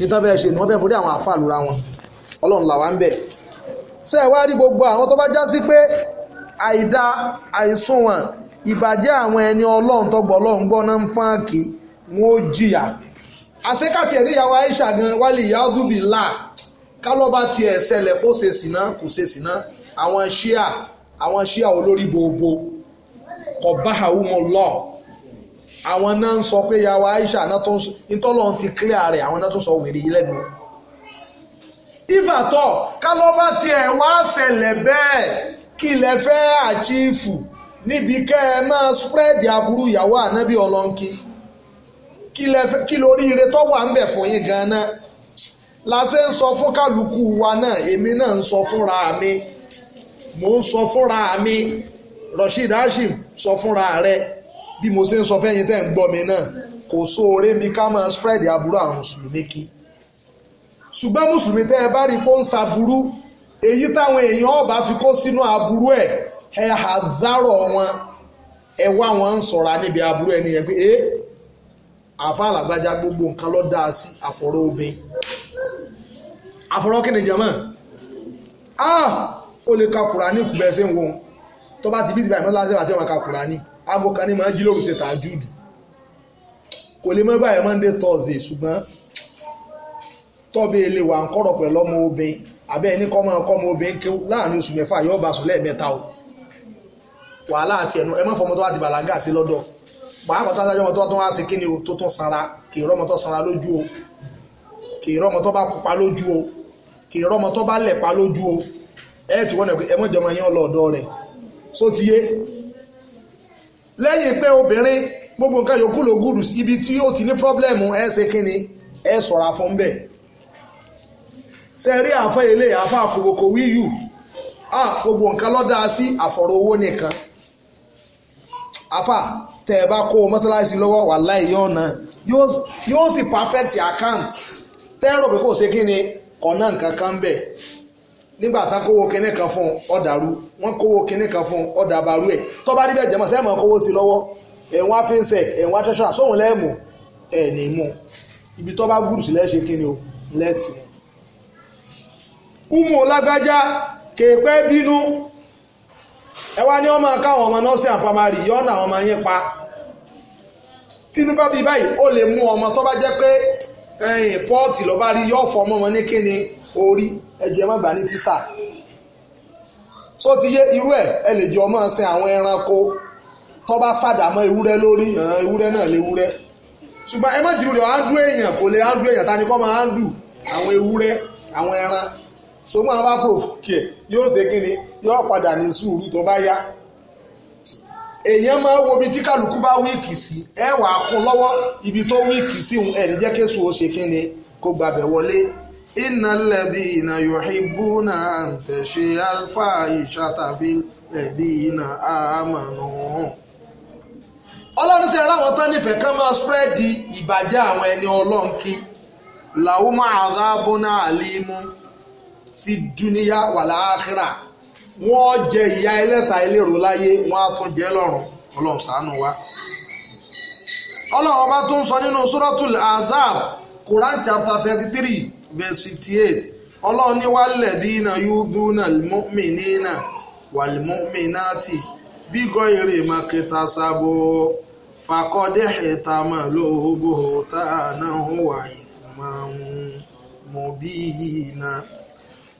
Speaker 1: nítorí fẹ́ ṣe ni wọ́n fẹ́ forí àwọn àáfàá lura wọn ọlọ́run ń bẹ̀ wá rí gbogbo àwọn tó bá já sí pé àìda ìbàjẹ́ kálọ́bà tiẹ̀ ṣẹlẹ̀ kó ṣe sìná kò ṣe sìná àwọn ṣíà àwọn ṣíà olórí gbogbo kò bá àwọn ọmọ lọ àwọn náà ń sọ pé yàwó Aisha náà tó ń sọ ìtọ́lọ́ ti clear rẹ̀ àwọn náà tó ń sọ wèrè yìí lẹ́nu ìfàtọ̀ kálọ́bà tiẹ̀ wá ṣẹlẹ̀ bẹ́ẹ̀ kí lẹ fẹ́ àchífù níbi kẹ́ ẹ máa spread aburú ìyàwó ànábì ọlọ́nkí kí lórí ire tó ń bẹ̀ fún gan-an náà la ṣe ń sọ fún kálukú wa náà èmi náà ń sọ fúnra mi mò ń sọ fúnra mi Rasheed Hashim sọ fúnra rẹ bí mo ṣe ń sọ fẹ́yìn tẹ́ ń gbọ́ mi náà kò sóore bí ká máa spread aburú àwọn mùsùlùmí kí ṣùgbọ́n mùsùlùmí tẹ́ ẹ bá rí kó ń ṣaburú èyí táwọn èèyàn ọba fi kó sínú aburú ẹ̀ ẹ àzárọ̀ wọn ẹ wá wọn ń sọ̀ra níbi aburú ẹni yẹn pé ẹ àfa àlàgbájá gbogbo nǹkan ló dáa sí àfọ̀rọ̀ obìnrin àfọwọ́kìnì jẹ̀mọ́ ah ó lè ka kùránì kù bẹ́ẹ̀ ṣe ń wọn tó bá ti bí ti báyìí mọ́tò láti ṣe máa ka kùránì aago kan ní máa jí lóru ṣe tàjúdù kò lè mọ́ báyìí monday thursday ṣùgbọ́n tọ́bi ilé wa ń kọ́rọ̀ pẹ̀lú ọmọ obìnrin àbẹ́ ẹni kọ́ máa kọ́ ọmọ obìnrin kéwú láàrin oṣù mẹ́fà yóò bá sùn lẹ́ẹ̀mẹ́ta o wàhálà àti ẹnu ẹ má fọmọ tó wà ti bàlágà sí lọ́dọ̀ pàápàá tó adájọ́ ọmọ tó wà sí kíni o tó tún sanra kì í rọ́mọ tó sanra lójú o kì í rọ́mọ tó bá pupa lójú o kì í rọ́mọ tó bá lẹ̀ pa lójú o ẹ ti wọ́n pé ẹ mọ̀jọ́ máa yán lọ ọ̀dọ̀ rẹ̀ só ti yé lẹ́yìn pé obìnrin gbogbo nǹkan yòókù ló gùdù ibi tí ó ti ní pọ́blẹ́mù ẹ ṣe kínni ẹ ṣọ́ra fún bẹ́ẹ̀ ṣe rí àfọ ilé àfọ àkókò wíyù à gbogbo nǹkan lọ́dà sí àfọ̀rọ̀ owó nìkan àfà tẹ̀ ẹ bá kó mọ́sálásí lọ́wọ́ wàláì yọ̀ọ̀nà yóò sì perfect account tẹ́rọ pé kò ṣe kí ni kọ̀nà nǹkan kan bẹ́ẹ̀ nígbà tá kówó kinní kan fún ọ dàrú kówó kinní kan fún ọ ẹ̀ tó bá rí bẹ́ẹ̀ sẹ́mọ̀ kówó sí lọ́wọ́ sóhun ẹ̀ ní mú ibi tó bá gùrù sílẹ̀ ṣe kí ni o umu bínú ẹ wá ní ọmọ ọmọ pa tinubu bíi báyìí ó lè ọmọ tó bá pọ́ọ̀tì lọ́ba rí yọ fọmọ wọn ní kíni orí ẹ̀jẹ̀ má gbà ní tísà so ti yé irú ẹ̀ ẹ lè jọ ọmọ sin àwọn ẹranko tó bá sàdámọ́ ewúrẹ́ lórí ewúrẹ́ náà léwúrẹ́ ṣùgbọ́n ẹ má jùlọ lè áńdú èèyàn kò lè áńdú èèyàn ta ni kọ́ máa áńdù àwọn ewúrẹ́ àwọn ẹran so máa bá pòfò kí ẹ yóò ṣe kíni yóò padà ní sùúrù tó bá yá èèyàn máa wo ibi tí kálukú bá wíìkì sí ẹ wàá kún lọ́wọ́ ibi tó wíìkì sí òun ẹ̀rí jẹ́ kéṣù ó ṣe kí ni kó gbàbẹ̀ wọlé iná lẹ́bí iná yòóhìbù náà tẹ̀sí alfa ìṣàtàbí lẹ́bí iná àmàlù ọlọ́run ṣe ráwọn tán nífẹ̀ẹ́ ká máa spreadi ìbàjẹ́ àwọn ẹni ọlọ́run kí làwọn máa rà bọ́nà àlímú fi dúníyà wà láàkírà. wọ́n jẹ ìyá ẹlẹ́ta ẹlẹ́rọ láyé wọ́n á tún jẹ lọ́run ọlọ́run ṣàánú wa ọlọ́run ọba tó ń sọ nínú suratul azab quran chapter thirty three verse fifty eight ọlọ́run ní walladina yudhuna almu'minina walmu'minati bígọ́ èrè náà wà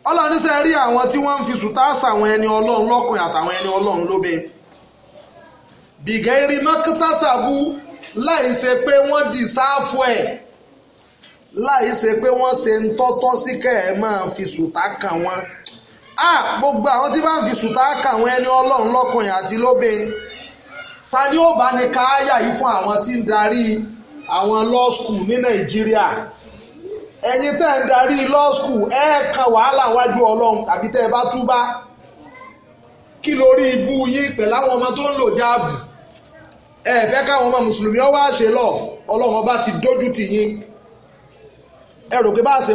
Speaker 1: ọlọ́run ní sẹ́ rí àwọn tí wọ́n ń fi sùtá sàwọn ẹni ọlọ́run lọ́kùnrin àtàwọn ẹni ọlọ́run lóbe bìgẹ́rì mọ́kítàṣàbù láì ṣe pé wọ́n dì sáàfù ẹ̀ láì ṣe pé wọ́n ṣe ń tọ́tọ́ sí kẹ́ ẹ̀ máa fi sùtá kàn wọ́n á gbogbo àwọn tí bá ń fi sùtá kàn wọ́n ẹni ọlọ́run lọ́kùnrin àti lóbe ta ni ó bá ní kááyà yìí fún àwọn tí ń darí àwọn law school ní nàìjíríà. ẹ̀yin tẹ́ ń darí law school ẹ̀ kan wàhálà wájú ọlọ́run tàbí tẹ́ ẹ bá túbá kí lórí ibú yín pẹ̀lú àwọn ọmọ tó ń lò jáàbù ẹ káwọn ọmọ mùsùlùmí àṣẹ lọ ọlọ́run ọba ti dójú ti yín ẹ rò pé bá a ṣe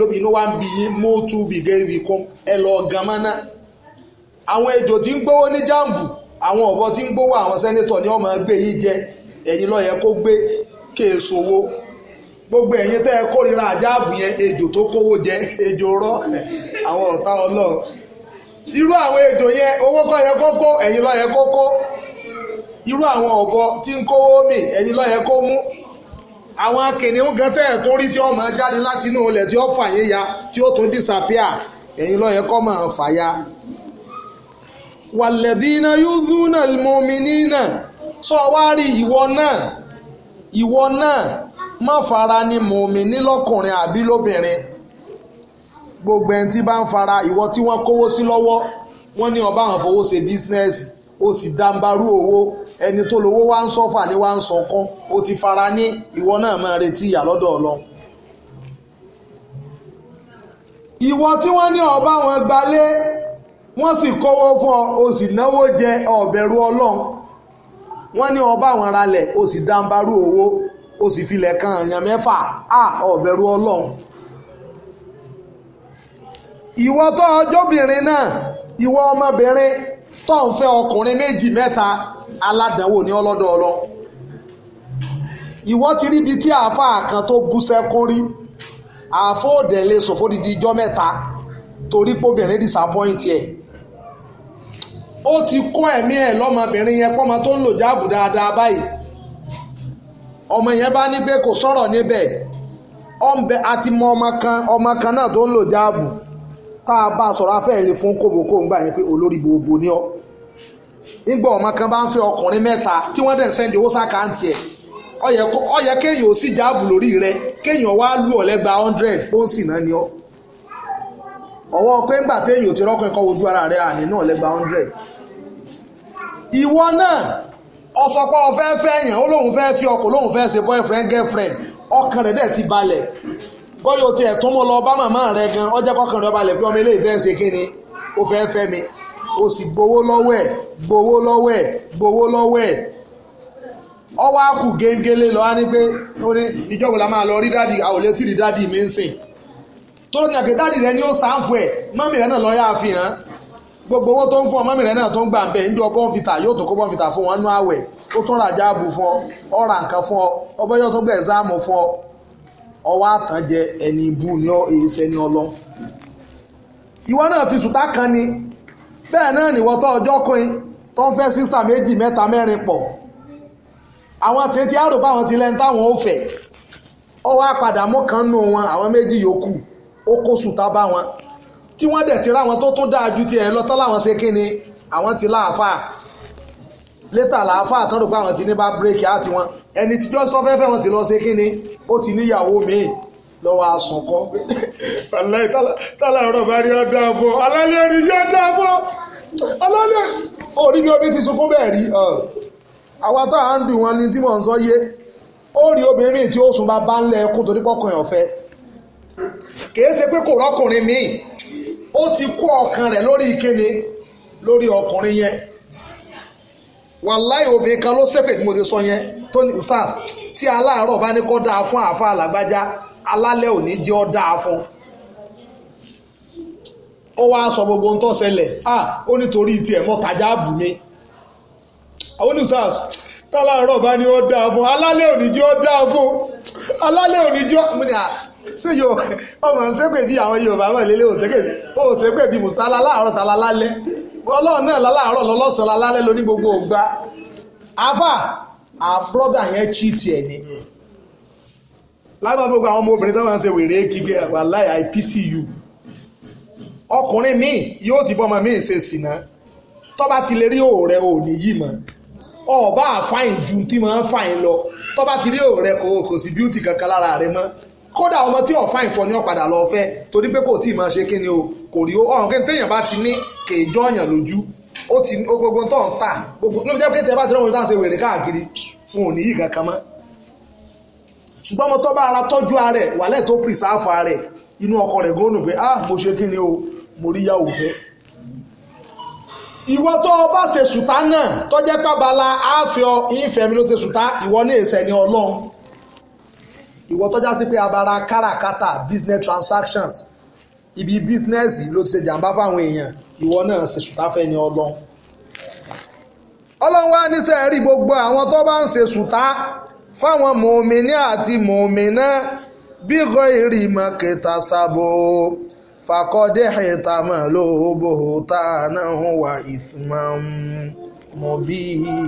Speaker 1: lóbi inú wa ń bi yín mú tú ni ọmọ gbé yín jẹ ẹ̀yin kó kéèsòwò gbogbo ẹ̀yin tẹ́ ẹ kórìíra àjáàbù yẹn ejò tó kówó jẹ ejò rọ àwọn ọ̀tá ọlọ́ọ̀ irú àwọn ejò yẹn owó kọ́ yẹ kókó ẹ̀yin ló yẹ kókó irú àwọn tí ń kówó mì ẹ̀yin yẹ kó mú àwọn kìnìún gan tẹ́ tó rí tí ó máa jáde láti inú ilẹ̀ tí ó ya tí ó tún disapia ẹ̀yin yẹ kó máa wàlẹ̀dínà yúzúnà mọ́mìnínà sọ wá ìwọ náà ìwọ náà má fara ni mùmíní lọ́kùnrin àbí lóbìnrin gbogbo ẹni tí bá ń fara ìwọ tí wọ́n kówó sí lọ́wọ́ wọ́n ní ọba àwọn fowó ṣe bísínẹ́sì ó sì dàǹbarú owó ẹni tó lówó wá ń sọ́fà ni wá ń sọkún ó ti fara ní ìwọ náà máa retí ìyà lọ́dọ̀ ọlọ́run ìwọ tí wọ́n ní ọba wọn gbalé wọ́n sì kówó fún ọ o sì náwó jẹ ọ̀bẹ̀rù ọlọ́run wọ́n ní ọba àwọn aralẹ̀ ó sì dáńbarú owó ó sì filẹ̀ kan èèyàn mẹ́fà á ọ̀bẹ̀rù ọlọ́run ìwọ tó ọjọ́bìnrin náà ìwọ ọmọbìnrin tó ń fẹ́ ọkùnrin méjì mẹ́ta aládàáwò ní ọlọ́dọ̀ ọlọ́ ìwọ ti ríbi tí àáfàá kan tó bú sẹ́kún rí àáfàá òdẹ̀lẹ̀ sòfódìdí ijọ́ mẹ́ta torí pé obìnrin disappoint ẹ̀ ó ti kọ́ ẹ̀mí ẹ̀ lọ́mọbìnrin yẹn pọ́mọ tó ń lò jáàbù dáadáa báyìí ọmọ yẹn bá ní pé kò sọ̀rọ̀ níbẹ̀ mọ ọmọ kan ọmọ kan náà tó ń lò jáàbù tá a bá sọ̀rọ̀ afẹ́rẹ́ fún kòbókò ń gbà yẹn gbogbo ni ọ́ nígbà ọmọ kan bá ń fẹ́ ọkùnrin mẹ́ta tí wọ́n dẹ̀ ń sẹ́ndì owó ẹ̀ yẹ kéèyàn ò sì jáàbù lórí rẹ kéèyàn wá lù lẹ́gbàá náà ọwọ́ pé ńgbà téèyàn ti rọ́kùn ẹ̀kọ́ ojú ara rẹ̀ àní náà lẹ́gbàá 100. ìwọ náà ọsọpọ̀ ọ̀fẹ́ fẹ́ yàn ó lóun fẹ́ fi lóun fẹ́ ṣe boyfriend girlfriend ọkàn rẹ̀ dẹ̀ ti balẹ̀ bóyá o ti ẹ̀ tó gan balẹ̀ pé ọmọ eléyìí fẹ́ ṣe ó fẹ́ fẹ́ mi ó sì gbowó lọ́wọ́ ẹ̀ gbowó lọ́wọ́ ẹ̀ gbowó lọ́wọ́ lọ á ní pé ìjọba la máa lọ rí tó lónìí rẹ ni ó sáǹpù ẹ mọ́mì rẹ náà ya àfihàn gbogbo owó tó ń fún ọ mọ́mì rẹ náà tó ń gbà ń bẹ̀ ńdí wọn nú àwẹ̀ ó tún rajà fọ fún ọ ọ̀rà nǹkan fún ọ ọbẹ̀ yóò tó gbẹ̀ náà fi kan ni bẹ́ẹ̀ náà ọjọ́ kan tó ń fẹ́ sísà méjì mẹ́ta mẹ́rin pọ̀ àwọn tètè àwọn ti ò kan nù wọn àwọn méjì yòókù ó kó sùtá bá wọn tí wọ́n dẹ̀ ti ráwọn tó tún dáa ju tiẹ̀ lọ tán láwọn ṣe kí ni àwọn ti láàfáà létà làáfáà tán rò pé àwọn ti ní bá bírèkì àti wọn ẹni tí jọ́sí tó fẹ́fẹ́ wọn ti lọ ṣe kí ni ó ti níyàwó míì lọ́wọ́ asùnkọ́ pẹ̀lẹ́ tálà ọ̀rọ̀ bá rí ọ̀dà àbọ̀ alálẹ́ rí yọ̀dà àbọ̀ alálẹ́ orí bí omi ti sunkún bẹ́ẹ̀ rí àwa tá à ń dùn wọn ní tí mò ń sọ yé ó rí obìnrin tí ó sùn bá bá ń lẹ ẹkún torí pọ́kàn ọ̀fẹ́ kìí ṣe pé kò rọ́kùnrin míì ó ti kó ọkàn rẹ̀ lórí ìkíni lórí ọkùnrin yẹn wàláì obìnrin kan ló ṣépè tí mo ti sọ yẹn tó ní ustaz tí aláàárọ̀ bá ní kó dáa fún àáfà làgbájá alálẹ̀ ò ní jẹ́ ọ́ dáa fún ó wá sọ gbogbo ohun tó ṣẹlẹ̀ ah ó nítorí tiẹ̀ mọ́ tajà bù mi àwọn ní ustaz tálàárọ̀ bá ní ọ́ dáa fún alálẹ̀ ò ní jẹ́ ọ́ dáa fún alálẹ̀ ò jẹ́ ọ́ ṣé yóò ọmọ ń bí àwọn Yorùbá náà lélẹ̀ ò ṣépè ó ṣépè bí mùsùlùmí láàárọ̀ tàlà lálẹ́ ọlọ́run náà láàárọ̀ lálẹ́ gbogbo ògbà afa yẹn ẹ̀ ni gbogbo àwọn tó máa ń ṣe wèrè kí bí I pity you ọkùnrin yóò ti bọ́ ọba ju máa ń fàìn lọ tọ́ba ti rí kò kò kódà ọmọ tí ọ̀fà ìtọ́ ni ó padà lọ fẹ́ torí pé kò tí ì máa ṣe kíni o kò rí ọ̀hún kí n téèyàn bá ti ní kéèjọ́ ọ̀yàn lójú ó ti ó gbogbo tó ń tà gbogbo ló jẹ́ pé tẹ́ bá ti rọ́ọ̀mù táwọn ṣe wèrè káàkiri fún òní yìí kankan mọ́ ṣùgbọ́n ọmọ tó bá ara tọ́jú ara ẹ̀ wàlẹ́ tó pìrìsáàfù ara ẹ̀ inú ọkọ rẹ̀ gbóná pé ah mo ṣe kíni o mo rí yàwó fẹ́ ìwọ tó o bá ṣe sùtá náà tó jẹ́ pàbàlà àáfíọ ìfẹ́mi ló ṣe sùtá ìwọ ní ìṣẹ́ni ọlọ́run ìwọ tọ́já sí pé abara káràkátà business transactions ibi bísínẹ́sì ló ti ṣe jàǹbá fáwọn èèyàn ìwọ náà ṣe ṣùtáfẹ́ ni ọlọ́run ọlọ́run wá ní sẹ́ẹ̀rí gbogbo àwọn tó bá ń ṣe ṣùtá fáwọn mòmìnì àti mòmìnà bíkọ ìrì mọ́ kẹta sábò fàkọ́dé ẹ̀ta mọ́ lóbò tá a náà wà ìtumọ̀ mọ́ bí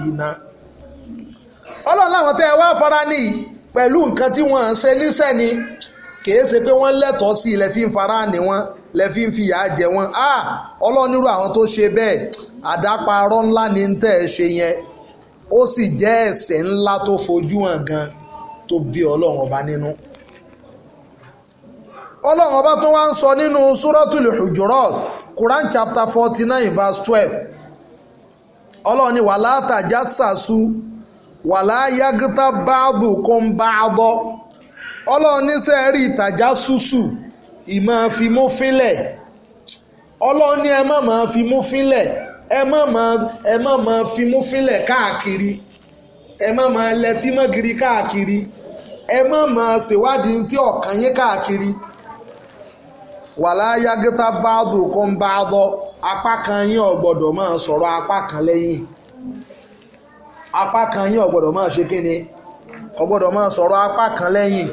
Speaker 1: iná ọlọ́run láwọn tẹ́ ẹ wá fara níyì pẹ̀lú nǹkan tí wọ́n ṣe níṣẹ́ ni kìí ṣe pé wọ́n lẹ́tọ̀ọ́ sí ilẹ̀ fi ń wọn lẹ́ fi ń jẹ wọn a ọlọ́nirú àwọn tó ṣe bẹ́ẹ̀ àdáparọ́ ńlá ni ń tẹ̀ ṣe yẹn ó sì jẹ́ ẹ̀sẹ̀ ńlá tó fojú hàn gan tó bí nínú ọlọ́run tó wá sọ nínú quran chapter forty nine verse twelve ọlọ́run ni wàhálà wàlá yagita báàdù kó ń bá rí ìtajà ṣùṣù ìmọ̀ fimú fínlẹ̀ ọlọ́ọ̀ní ẹ má máa fimú fínlẹ̀ ẹ má máa fimú káàkiri ẹ má máa lẹtí káàkiri ẹ má máa ṣèwádìí tí ọ̀kan káàkiri wàlá apá kan yín ọ̀gbọ́dọ̀ máa ṣe kíni ọ̀gbọ́dọ̀ máa sọ̀rọ̀ apá kan lẹ́yìn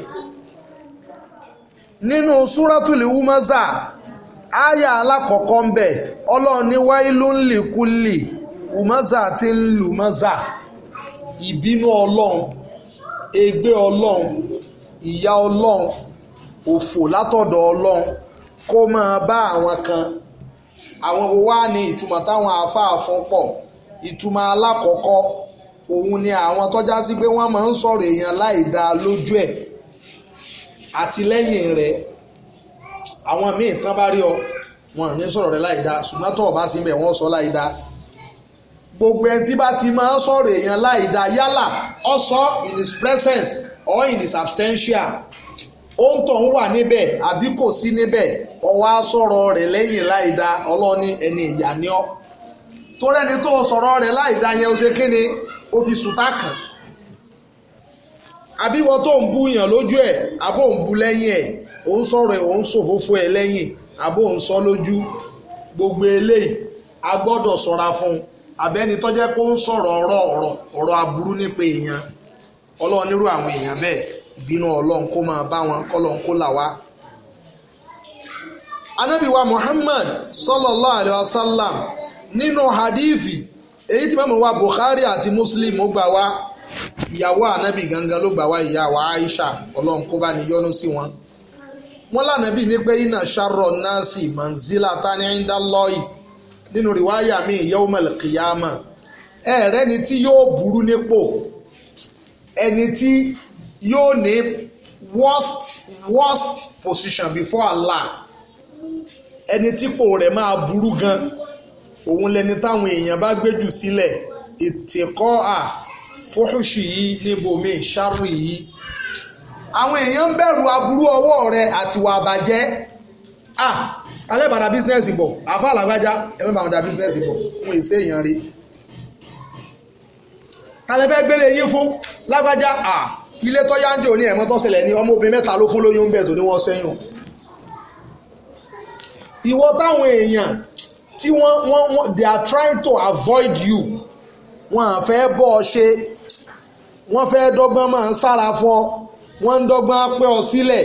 Speaker 1: nínú súrátùlì wúmọ́sà àyà alákọ̀ọ́kọ́ ń bẹ̀ ọlọ́ọ̀ni wáyé ló ń lè kúlì wúmọ́sà ti ń lù mọ́sà ìbínú ọlọ́run ègbé ọlọ́run ìyá ọlọ́run òfò látọ̀dọ̀ ọlọ́run kó máa bá àwọn kan àwọn wo wá ní ìtumọ̀ táwọn àáfàá fún pọ̀ ìtumọ̀ alákọ̀ọ́kọ́ òun ni àwọn tọ́já sí pé wọ́n máa ń sọ̀rọ̀ èèyàn láì dáa lójú ẹ̀ àti lẹ́yìn rẹ̀ àwọn míì tán bá rí ọ wọn ní sọ̀rọ̀ rẹ̀ láì dáa ṣùgbọ́n tó o bá sí bẹ̀ wọ́n sọ láì dáa gbogbo ẹni tí bá ti máa ń sọ̀rọ̀ èèyàn láì dáa yálà ọ̀sọ́ in his presence or in his abstention ó ń tàn wà níbẹ̀ àbí kò sí níbẹ̀ ọwọ́ á sọ̀rọ̀ rẹ̀ lẹ́yìn láìda ọlọ́ọ̀ni ẹni ìyá ni ọ́ torí ẹni tó sọ̀rọ̀ rẹ̀ láìda yẹn ó ṣe kí ó fi sùtá kàn àbíwọ tó ń bú yàn lójú ẹ àbó ń bu lẹ́yìn ẹ òun òun àbó ń sọ lójú gbogbo eléyìí a fún un ń sọ̀rọ̀ ọ̀rọ̀ ọrọ ọ̀rọ̀ aburú nípa èèyàn ọlọ́run àwọn èèyàn bẹ́ẹ̀ ìbínú kó máa bá wọn kó là wá. Muhammad wa nínú èyí tí mọ̀mọ́ wa Bukhari àti Muslim ó gbà wá ìyàwó ànábì gangan ló gbà wá ìyá Aisha ọlọ́run kó bá ní yọ́nú sí wọn. wọ́n lànàbì ní pé iná sharron nasi manzila tani indalọ́yì nínú rìwáyà mi yawmal qiyama ẹ̀rẹ́ ni tí yóò burú nípò ẹni tí yóò ní worst worst position before Allah ẹni tí pò rẹ̀ máa burú gan-an òun lẹni táwọn èèyàn bá gbé jù sílẹ̀ ìtìkọ́ à fúhùṣì yìí níbòmí ṣárù yìí àwọn èèyàn ń bẹ̀rù aburú ọwọ́ rẹ àti wà bàjẹ́ à alẹ́ bàdà bísínẹ́sì bọ̀ àfa àlàgbájá ẹ̀mẹ́ bàdà bísínẹ́sì bọ̀ fún ìṣe èèyàn rí tálẹ́ fẹ́ gbélé yín fún lágbájá à ilé tó yá ń jò ní ẹ̀mọ́ tó ní ọmọ mẹ́ta ló fún lóyún bẹ́ẹ̀ tó ní wọ́n sẹ́yìn ìwọ táwọn èèyàn tí wọ́n wọ́n wọ́n they are trying to avoid you wọ́n à fẹ́ bọ́ ọ ṣe wọ́n fẹ́ dọ́gbọ́n máa ń sára fọ́ wọ́n ń dọ́gbọ́n pẹ́ ọ sílẹ̀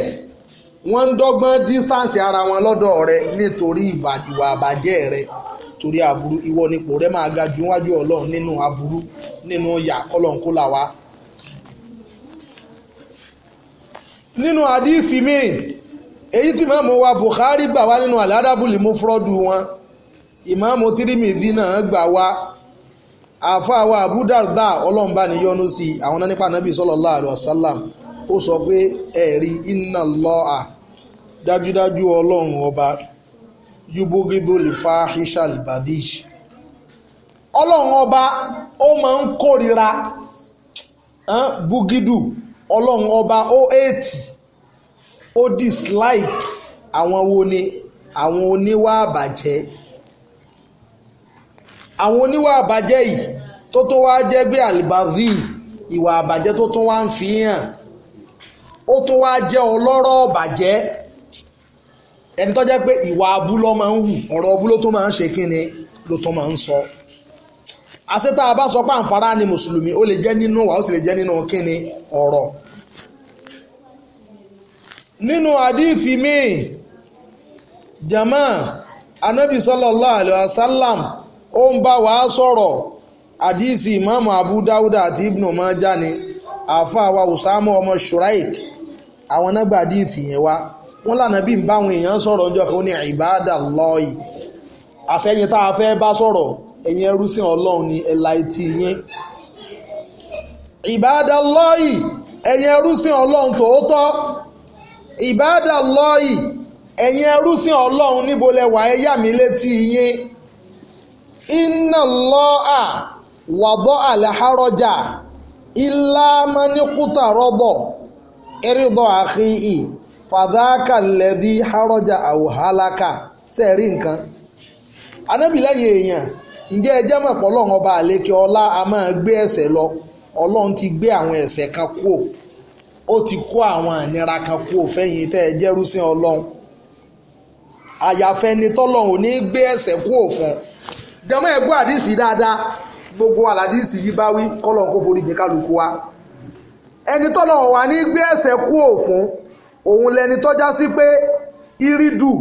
Speaker 1: wọ́n ń dọ́gbọ́n distance ara wọn lọ́dọ̀ rẹ nítorí ìwà àbàjẹ́ rẹ torí aburú ìwọ nípò rẹ máa ga ju wájú ọlọ́run nínú aburú nínú ìyà kọ́lọ́n kó là wá. nínú àdífì míì èyí tí màmú wa Bukhari gbà wá nínú àládàbùlì mufrọ́dù wọn ìmáàmù Tirmidhi náà gbà wá àfa wa Abu Darda ọlọ́mba níyọnu sí i àwọn nípa nàbí sallallahu alaihi wasallam ó sọ pé ẹ̀rí inna Allaha dájúdájú ọlọ́run ọba yubugibu lifahisha albadish ọlọ́run ọba ó máa ń kórira bugidu ọlọ́run ọba ó èètì ó dislike àwọn wo ni àwọn oníwà àbàjẹ́ àwọn oníwà àbàjẹ́ yìí tó tó wá jẹ́ gbé àlìbáfì ìwà àbàjẹ́ tó tó wá ń fi hàn ó tó wá jẹ́ ọlọ́rọ̀ ọ̀bàjẹ́ ẹni tó jẹ́ pé ìwà abúlọ́ máa ń wù ọ̀rọ̀ abúlọ́ tó máa ń ṣe kíni ló tó máa ń sọ àṣetá a bá sọ pé àǹfààrà ni mùsùlùmí ó lè jẹ́ nínú wa ó sì lè jẹ́ nínú kíni ọ̀rọ̀ nínú àdífì míì jama anabi sallallahu alayhi wa sallam ó ń bá wa sọ̀rọ̀ àdìsí ìmáàmù abu dáúdà àti ibnu májà ni àáfàá wa usama ọmọ shuraik àwọn nágbà àdìsí yẹn wá wọn lànà bí n bá àwọn èèyàn sọ̀rọ̀ ọjọ́ kan ó ní ìbáàdà lọ́ọ̀yì àṣẹyìn tá a fẹ́ bá sọ̀rọ̀ ẹ̀yin ẹrú sí ọlọ́run ni ẹ̀la etí yín ìbáàdà lọ́ọ̀yì ẹ̀yin ẹrú sí ọlọ́run tòótọ́ ìbáàdà lọ́ọ̀yì ẹ̀yin ẹrú sí ọlọ́run níbo lẹ wà ẹ létí yín inna Allaha wàdọ́ àlàhárọ́jà ilá mánìkútà rọ́dọ̀ àkíyì fàdákà lẹ́bí hárọ́jà àwòhálákà sẹ́ẹ̀rí nǹkan anábìláyè èèyàn ǹjẹ́ ẹ mọ̀pọ̀ ọlọ́run ọba àlékè ọlá a máa gbé ẹ̀ṣẹ̀ lọ ọlọ́run ti gbé àwọn ẹ̀ṣẹ̀ kan ti kó àwọn ìnira kan kúò fẹ́yìn tẹ́ ẹ jẹ́rú sí ọlọ́run àyàfẹ́ni tọ́lọ́run ò ní gbé fún jọmọ ẹgbọ́ àdìsí dáadáa gbogbo àlàdìsí yìí bá wí kọ́lọ̀ kó forí jìn kálukú wa ẹni tọ́lọ̀ wà ní gbé ẹ̀sẹ̀ kú òfun òun lẹni tọ́já sí pé irídù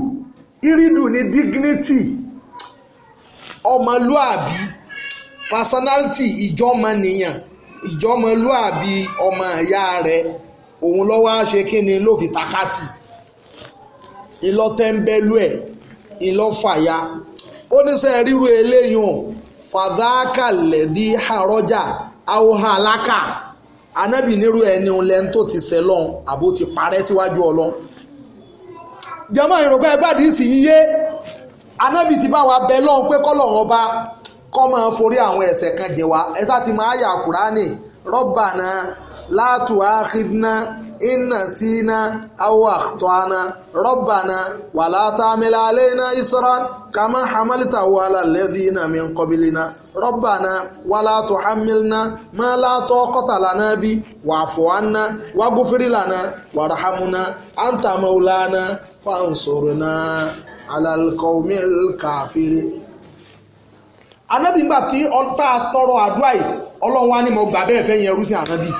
Speaker 1: irídù ni dignity ọmọlúàbí personality ìjọmọnìyàn ìjọmọlúàbí ọmọ ìyá rẹ òun lọ́wọ́ á ṣe kí ni ló fi takátì ìlọtẹ́ńbẹ́lú ẹ̀ ìlọ́fàyà ó ní sẹ́ ríru eléyìí fàdákà lẹ́dí àrọ́jà àwòhà aláka anábì nírú ẹni lẹ́nu tó ti sẹ́ lọ́n àbó ti parẹ́ síwájú ọlọ́n jẹ́mọ́ ìrògbà ẹgbàdì sì yíyé anábì ti bá wa bẹ lọ́n pé kọ́lọ̀ ọba kọ́ máa forí àwọn ẹ̀ṣẹ̀ kan jẹ wá ẹ̀sà ti máa yà kúránì rọ́bà náà látùá khidna iná sí iná awọ àtọ́ná rọ́bàná wàlá tàmílà àlẹ́ná ìsọ́rọ́ kàmá hamalita wàlá lẹ́dí iná mi ń kọ́bílì iná rọ́bàná wàlá tó hamilna mọ́lá tó kọ́tàlá náà bí wàfọ́ánná wàgúfìrìlànà wàràhámúná àǹtàmọ́wùlánà fáǹsọ̀rọ̀ná alálùkọ́mìl káfírí. anábì ń gbà tí ọ̀tá tọrọ àdúrà yìí ọlọ́run wa ni mo gbà bẹ́ẹ̀ fẹ́ yẹn rúṣin ànábì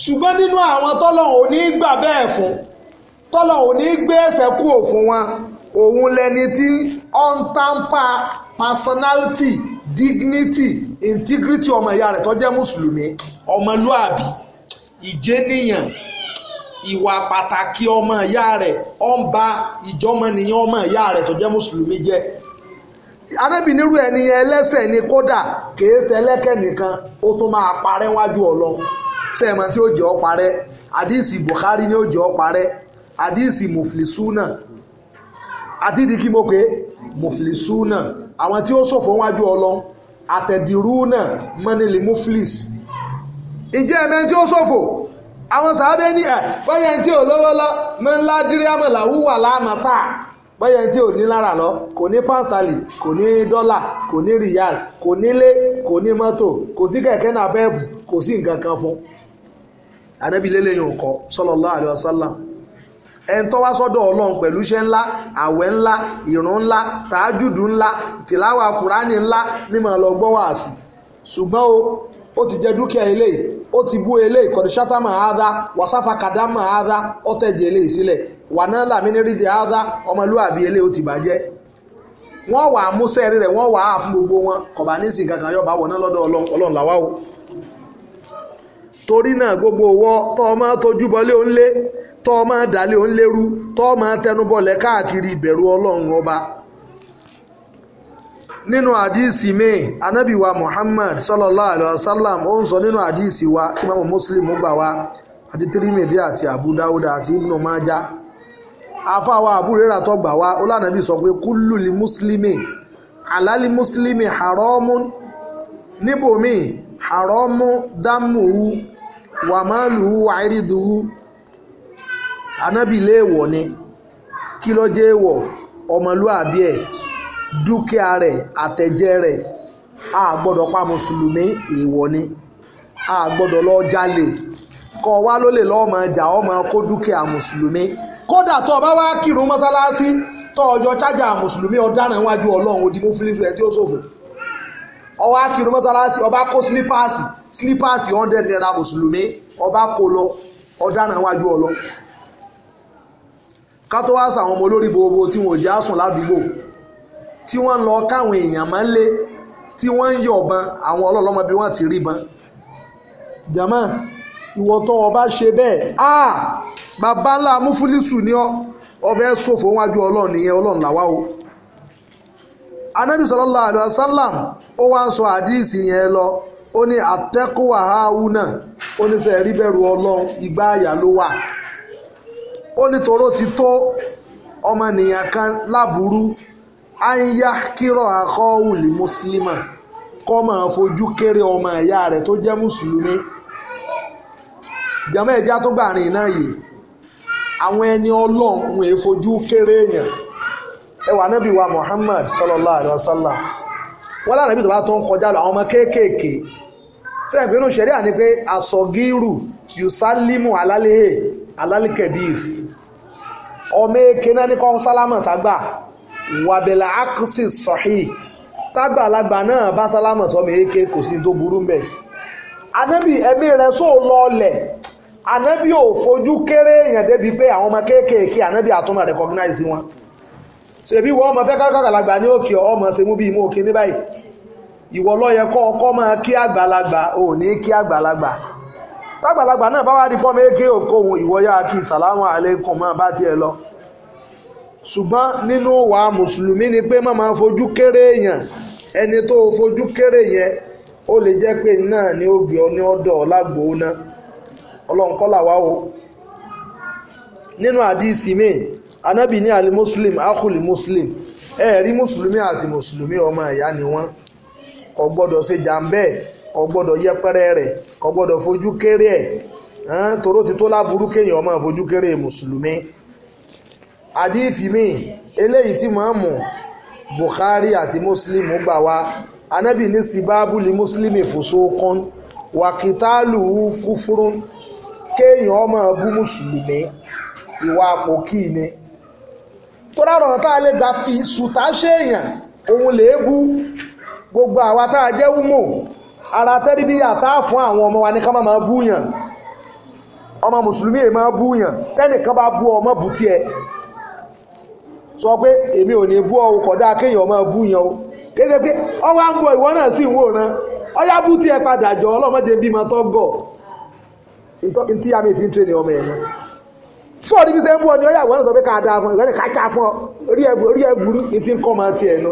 Speaker 1: ṣùgbọ́n nínú àwọn tọ́lọ́hún ò ní gbà bẹ́ẹ̀ fún tọ́lọ́hún ò ní gbé ẹ̀ṣẹ̀ kú òfun wọn òun lẹni tí ó ń personality dignity integrity ọmọ ìyá rẹ̀ tó jẹ́ mùsùlùmí ọmọlúàbí ìjẹ́nìyàn ìwà pàtàkì ọmọ ìyá rẹ̀ ó ń ba ìjọmọnìyàn ọmọ ìyá rẹ̀ tó mùsùlùmí jẹ́ arábì nírú ẹni ẹlẹ́sẹ̀ ni kódà kìí ṣe ẹlẹ́kẹ̀ nìkan ó tún máa parẹ́ wájú ọlọ́run sẹ́ẹ̀mọ́ tí ó jẹ́ ọ parẹ́ àdìsí Bukhari ni ó jẹ́ ọ parẹ́ àdìsí muflisuna àti ìdí kí mo pé muflisuna àwọn tí ó ṣòfò wájú ọlọ́run àtẹ̀dìrúnà mọ́nìlì muflis ìjẹ́ ẹ̀mẹ́ tí ó ṣòfò àwọn sàábẹ́ ní ẹ̀ fẹ́yẹ̀ tí ò lówó lọ mọ́ ńlá díríàmọ̀ làwúwà bẹ́yẹn tí ò ní lára lọ kò ní pàǹsálì kò ní dọ́là kò ní rìyàl kò nílé kò ní mọ́tò kò sí kẹ̀kẹ́ náà bẹ́ẹ̀bù kò sí nǹkan kan fún anábì lélẹ́yìn ọkọ sallallahu alaihi wasallam ẹni sọ́dọ̀ ọlọ́run pẹ̀lú iṣẹ́ ńlá àwẹ̀ lọ gbọ́ ṣùgbọ́n o ti jẹ dúkìá eléyìí ó ti bú eléyìí máa dá wàsáfà kàdá máa dá eléyìí sílẹ̀ wàná làmínírì di áádá ọmọlúwàbí eléyìí ó ti bàjẹ́ wọ́n wà á músẹ́ rẹ̀ wọ́n wà á fún gbogbo wọn kọ̀bá ní sìn kankan yọba wọ̀ná lọ́dọ̀ ọlọ́run làwa o torí náà gbogbo wọ́ tọ́ ọmọ tójú bọlé ó ń lé tọ́ ọmọ dàlé káàkiri ìbẹ̀rù ọlọ́run ọba nínú anábìwa muhammad sallallahu alayhi wa sallam ó ń sọ nínú afáwa àbúrérà tó gbà wá ó lànà bí sọ pé kúlù ní mùsùlùmí àlálí mùsùlùmí haramu níbòmí haramu dámùú wàmálùú wàírídùú anábì léèwọ̀ ni kí ló jẹ́ èèwọ̀ ọmọlúàbí ẹ̀ dúkìá rẹ̀ àtẹ̀jẹ́ rẹ̀ a gbọ́dọ̀ pa mùsùlùmí èèwọ̀ ni a gbọ́dọ̀ lọ jalè kọ́ wa ló lè lọ́ọ́ ọjà ọmọ kó dúkìá mùsùlùmí kódà tó o bá wá kírun mọ́sálásí tó ọjọ́ chájà mùsùlùmí ọ̀daràn wájú ọlọ́run òdì mọ́fílísù ẹ̀ tí ó ṣòfò ọwọ́ kírun mọ́sálásí ọba kó sílípáàsì sílípáàsì hundred naira mùsùlùmí ọba kó lọ ọ̀daràn wájú ọlọ́run kátó wá sàwọn ọmọ olórí gbogbo tí wọn ò jẹ́ àsùn ládùúgbò tí wọ́n ń lọ káwọn èèyàn máa ń lé tí wọ́n ń yọ̀bọn àwọn ọlọ́lọ́mọ bí wọ́n ti rí bọn jàmáà ìwọ tó o bá ṣe bẹ́ẹ̀ a bàbá ńlá amúfúlísù ni ọ ọfẹ ṣòfò wájú Ọlọ́run nìyẹn Ọlọ́run làwa o anabi sallallahu alayhi wa sallam ó wá ń sọ àdíìsì yẹn lọ ó ní àtẹ́kùwà áhù náà ó ní sẹ́ẹ̀ rí bẹ̀rù ọlọ́run ìgbà àyà ló wà ó ní toró ti tó ọmọnìyàn kan láburú ányá kírọ̀ akọ́wùlì mùsùlùmá kọ́ máa fojú kéré ọmọ ìyá rẹ̀ tó jẹ́ mùsùlùmí jàmọ́ ẹ̀já tó gbà rìn náà yìí àwọn ẹni ọlọ́run èfojú kéré èèyàn ẹwà nábì wa Muhammad sallallahu alaihi wasallam wọ́n lára ibi tó bá tó ń kọjá lọ àwọn ọmọ kéékèèké sẹ́yìn inú ṣẹ̀ríà ni pé asọ̀gírù yusalimu alálẹ́hẹ̀ alálẹ́kẹ̀bíir ọmọ èké náà ní kọ́ sálámà ságbà wàbẹ̀là ákùsì sọ̀hí tágbàlagbà náà bá sálámà sọmọ èké kò sí tó burú mbẹ̀ anábì ẹ̀mí rẹ̀ sóò lọ ọlẹ̀ ànábì ò fojú kéré èèyàn débi pé àwọn ọmọ anabi ànábì àtúmọ̀ recognize wọn ṣèbí wọ́n ọmọ fẹ́ kákàkàlàgbà ní òkè ọmọ ṣe mú bí imú òkè ní báyìí ìwọ ló kọ́ ọkọ́ máa kí àgbàlagbà ò ní kí àgbàlagbà tágbàlagbà náà bá wá di pọ́n yá kí sàlámù máa bá tiẹ̀ lọ ṣùgbọ́n nínú wa mùsùlùmí ni pé má máa fojú kéré èèyàn ẹni tó fojú kéré yẹn ó lè jẹ́ pé náà ni ó ọ ní ọlọ́run kọ́là wá o nínú àdíìsì míì anábì ní àlè muslim akuli muslim ẹ rí mùsùlùmí àti mùsùlùmí ọmọ ìyá ni wọ́n kò gbọ́dọ̀ ṣe jàǹbẹ́ kò gbọ́dọ̀ yẹpẹrẹ rẹ̀ kò gbọ́dọ̀ fojú kéré ẹ̀ toró ti tó láburú kéèyàn ọmọ fojú kéré mùsùlùmí àdíìsì míì eléyìí tí màmù Bukhari àti muslim gbà wá anábì ní sibabu li muslim fòsókàn wàkìtálù kúfúrún kéèyàn ọmọ bú mùsùlùmí ìwà àpò kí ni tó dára ọ̀nà tá a lè gbà fi sùtá ṣèèyàn òun lèébú gbogbo àwa tá a jẹ́ wúmọ̀ ara tẹ́rìbíyà bí a fún àwọn ọmọ wa ní ká má máa búyàn ọmọ mùsùlùmí èyí máa búyàn tẹ́nìkan bá bú ọmọ bù tiẹ̀ sọ pé èmi ò ní bú ọ kódà kéèyàn o kéde pé ọwọ́ à ń bọ̀ ìwọ náà sì ń wòran ọyá bú tiẹ̀ padà jọ ọlọ́mọdé bímọ ntí àmì ìfi ń tẹ̀lé ọmọ ẹ̀ náà fún ọdún bí sẹ́ ń bú ọ ní ọyàwó ọ̀nà sọ pé ká dáa fún ìgbẹ́ni ká ká fún ọ orí ẹ̀bù orí ẹ̀bù ti ń kọ́ ọmọ tiẹ̀ nù.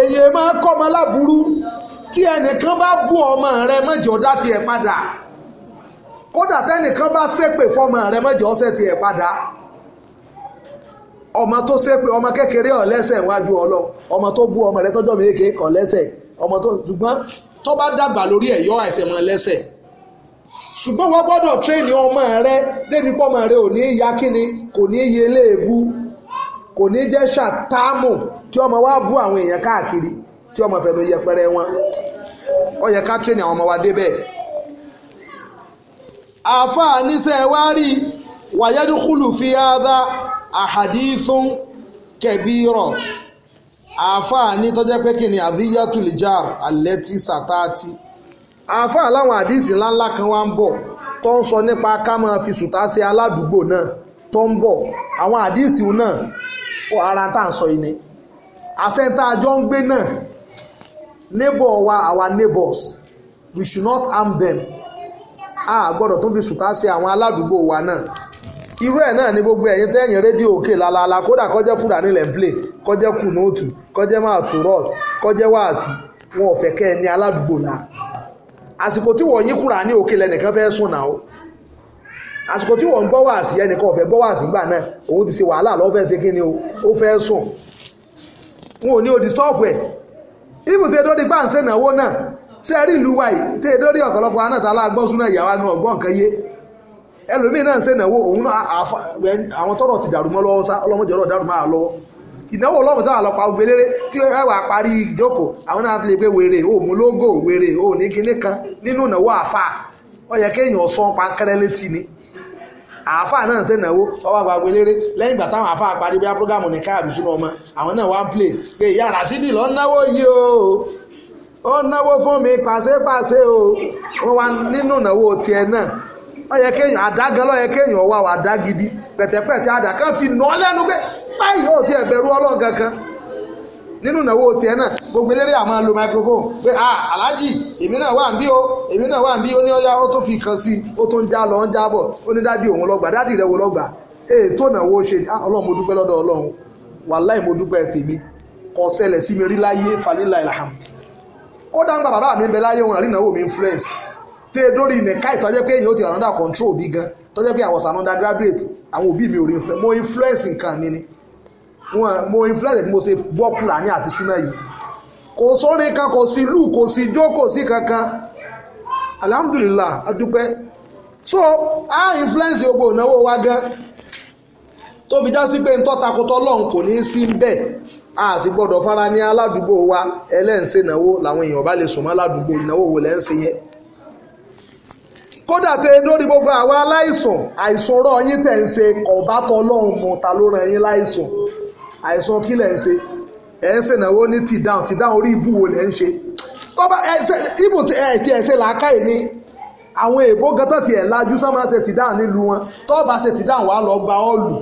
Speaker 1: èyí máa kọ́ ọmọ aláburú tí ẹnìkan bá bú ọmọ rẹ mọ́jọ́ dá tiẹ̀ padà kódà tẹ́nìkan bá ṣépè fọmọ rẹ mọ́jọ́ ọ̀sẹ̀ tiẹ̀ padà ọmọ tó ṣépè ọmọ kékeré ọ̀lẹ́sẹ̀ wájú ọlọ ọmọ tó bú ọmọ rẹ tọ́jọ́ mi ṣùgbọ́n wọ́n gbọ́dọ̀ tírèèni ọmọ rẹ débi pọ́mọ rẹ ò ní ya kíni kò ní í yelé ebú kò ní í jẹ́ ṣàtàmù kí ọmọ wa bú àwọn èèyàn káàkiri kí ọmọ fẹnu yẹpẹrẹ wọn ó yẹ ká tírèèni àwọn ọmọ wa débẹ̀. àáfàá níṣẹ́ wá rí wàyẹ́dúkúlù fi ádá àhàdíìsùn kẹ̀bírọ̀ àáfàá ní tọ́jẹ́ pé kíni àdíyàtúlìjà àlẹ́tì sàtáàtì àáfà láwọn àdìsí ńláńlá kan wá ń bọ̀ tó ń sọ nípa ká máa fi sùtá ṣe aládùúgbò náà tó ń bọ̀ àwọn àdìsí náà ó ara tá à ń sọ yìí ni àṣẹ tá a jọ ń gbé náà neighbor wa our neighbors we should not harm them a gbọ́dọ̀ tó fi sùtá ṣe àwọn aládùúgbò wa náà irú ẹ̀ náà ni gbogbo ẹ̀yin tẹ́yìn rédíò òkè lálálá kódà kọjẹ́ kúrà nílẹ̀ ń plé kọjẹ́ kù nóòtù kọjẹ́ máa tòrọ́ọ̀tù kọjẹ́ wáàsí wọn ò fẹ́ kẹ́ ẹ ní aládùúgbò náà àsìkò tí wọ́n yí Kùránì òkè lẹ́nìkan fẹ́ sùn náà àsìkò tí wọ́n ń gbọ́ wàásì ẹnìkan ọ̀fẹ́ gbọ́ wàásì gbà náà òun ti ṣe wàhálà lọ́wọ́ fẹ́ ṣe kí ni ó fẹ́ sùn wọn ò ní odi stọ́ọ̀pù ẹ̀ ibùn tí edori gbà ń ṣe ìnáwó náà ṣe rí ìlú wa yìí tí edori ọ̀pọ̀lọpọ̀ aná tààlà gbọ́sùn náà ìyàwó àná ọgbọ́n nǹkan yé ẹlòmíì náà ń ṣe ìnáwó òun náà àwọn tọrọ ti dàrú mọ́ lọ́wọ́ sá ọlọ́mọdé ọ̀rọ̀ dàrú máa lọ́wọ́ ìnáwó ọlọ́run sáà lọ pa gbogbo eléré tí ẹ wà parí ìjókòó àwọn náà fi lè pé wèrè ò mú lógò wèrè ò ní kinní kan nínú ìnáwó àáfà ó yẹ kéèyàn sọ pankẹ́rẹ́ létí ni àáfà náà ṣe ìnáwó ọwọ́ àgbàgbé eléré lẹ́yìn ìgbà táwọn àáfà parí bí apúrógámù ní káàbì sínú ọmọ àwọn náà wá ń play pé ìyá Rasidi lọ náwó yìí o ó náwó fún mi pàṣẹpàṣẹ o wọn wá nínú ìnáwó tiẹ̀ náà ó kéèyàn àdágan ló kéèyàn wá wà dá gidi pẹ̀tẹ̀pẹ̀tẹ̀ àdá kan fi nà ọ́ pé láì yóò ti ẹ̀bẹ̀rù ọlọ́run kankan nínú ìnáwó tiẹ̀ náà gbogbo eléré àmọ́ lo microphone pé ah alhaji èmi náà wà ń o èmi náà wà ń bí o ní ọ̀yá ó tún fi kan sí i ó tún já lọ ń jábọ̀ ó ní dádì òun lọ́gbà dádì rẹ̀ wo lọ́gbà ètò ìnáwó ṣe ni ọlọ́run mo dúpẹ́ lọ́dọ̀ ọlọ́run mo dúpẹ́ tèmi sí mi rí láyé wọn mo influence mo ṣe àti súnmọ́ yìí kò sórin kan kò sí lù kò sí kò sí kankan so a influence gbogbo ìnáwó wa gan tó fi já sí pé ntọ́takotọ́ lọ́hùn kò ní í sí a sì gbọ́dọ̀ fara ní aládùúgbò wa ẹlẹ́ǹsẹ̀ ìnáwó làwọn èèyàn bá lè aládùúgbò ìnáwó wo lẹ́ ń ṣe yẹn kódà gbogbo àwa aláìsàn àìsàn yín tẹ̀ ń ṣe kọ̀ọ̀bátọ̀ àìsàn kí lẹ̀ ń ṣe ẹ̀ ń ṣènáwó ní tì dáhùn tì dáhùn orí ibú wo lẹ̀ ń ṣe tọ́ba ẹ̀ṣẹ̀ ibù ẹ̀kí ẹ̀ṣẹ̀ làákàyè ni àwọn èèbó gátà tiẹ̀ lajú sábà ṣe tì dáhùn nílùú wọn tọ́ba ṣe tì dáhùn wàá lọ gba ọ́ọ̀lù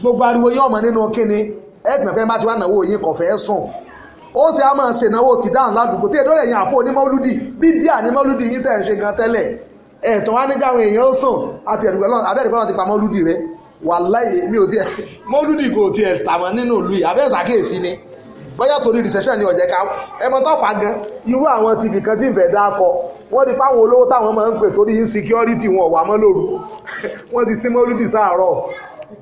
Speaker 1: gbogbo ariwo yóò mọ nínú kíni ẹ̀ẹ́dùnmẹ́fẹ́ bá ti wá náwó yín kọ̀fẹ́ sùn ó sì á máa ṣe ìnáwó ti dáhùn ládùúgbò tí èdòrè yẹn àfọ onímọ̀lúdì bíbí ànímọ̀lúdì yìí tẹ̀ ń ṣe gan tẹ́lẹ̀ ẹ̀ẹ̀tàn wá níjà àwọn èèyàn ó sùn àti ẹ̀dùgbẹ́ náà abẹ́ẹ̀dùgbẹ́ náà ti pa mọ́lúdì rẹ wàláyé mi ò tiẹ̀ mọ́lúdì kò tiẹ̀ tàwọn nínú ìlú yìí abẹ́ ìsàkíyèsí ni bóyá torí recession ni ọ̀jẹ̀ ká ẹmọ tó fà gan irú àwọn ti nìkan tí ń fẹ̀ dákọ wọ́n di páwọn olówó táwọn máa ń pè torí insecurity wọn ò wà mọ́ lóru wọ́n ti sí mọ́lúdì sáàárọ̀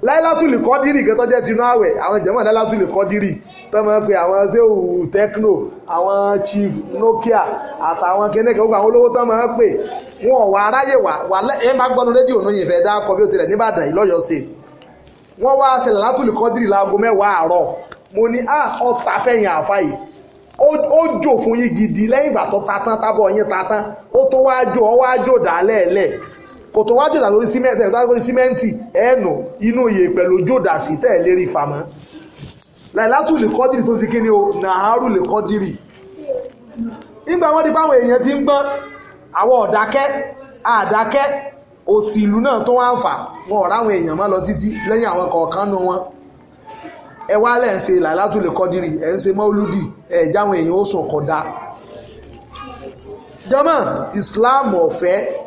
Speaker 1: láìlátùlì kọ́dírì kan tó jẹ́ tinú àwẹ̀ àwọn ìjẹ́mọ̀ láìlátùlì kọ́dírì tó máa ń àwọn zéhù tecno àwọn chief nokia àtàwọn kẹ́nẹ́kẹ́ gbogbo àwọn olówó tó máa ń pè wọn wà aráyè wà wà ẹ máa gbọ́nu rédíò ní ìfẹ́ dá kọ bí ó tilẹ̀ nìbàdàn ìlọ́yọ̀ state wọ́n wá ṣẹlẹ̀ látùlì kọ́dírì láago mẹ́wàá àárọ̀ mo ní à ah, ọ̀tà fẹ̀yìn àfa yìí ó jò fún yín gidi lẹ́yìn ìgbà tó ta tán tábọ̀ yín ta tán ó tó wá jò ó wá jò dálẹ́ẹ̀lẹ́ẹ̀ kòtò wájú ìdà lórí símẹ́ǹtì ẹ̀dá inú iye pẹ̀lú ojú òdà sí tẹ̀ lérí fàmọ́ lè tó ti o nàárù lè kọ́dìrì nígbà wọn di báwọn èèyàn ti ń gbọ́n àwọn ọ̀dákẹ́ àdákẹ́ òsì ìlú náà wọn ọ̀rá àwọn èèyàn má lọ títí lẹ́yìn wọn ẹ wá lẹ́ ń ṣe lè ẹ̀ ń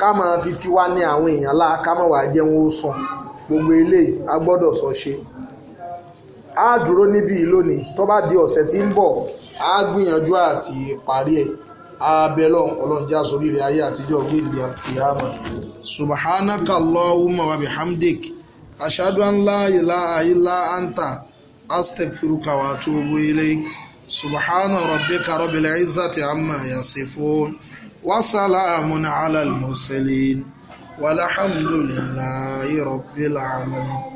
Speaker 1: ká máa fi tiwa ní àwọn èèyàn láà ká máa wàá jẹun ó sàn gbogbo eléyìí a gbọ́dọ̀ sọ ṣe á dúró níbí lónìí tó bá di ọ̀sẹ̀ tí ń bọ̀ á gbìyànjú àti parí ẹ̀ abẹ lọ́n ọlọ́njá sórí rẹ̀ ayé àtijọ́ gbèdé àkìyàmà subhanaka allahumma wa bihamdik ashadu an la ilaha illa anta astaghfiruka wa atubu ilayk subhana rabbika rabbil izzati amma yasifun. وسلام على المرسلين والحمد لله رب العالمين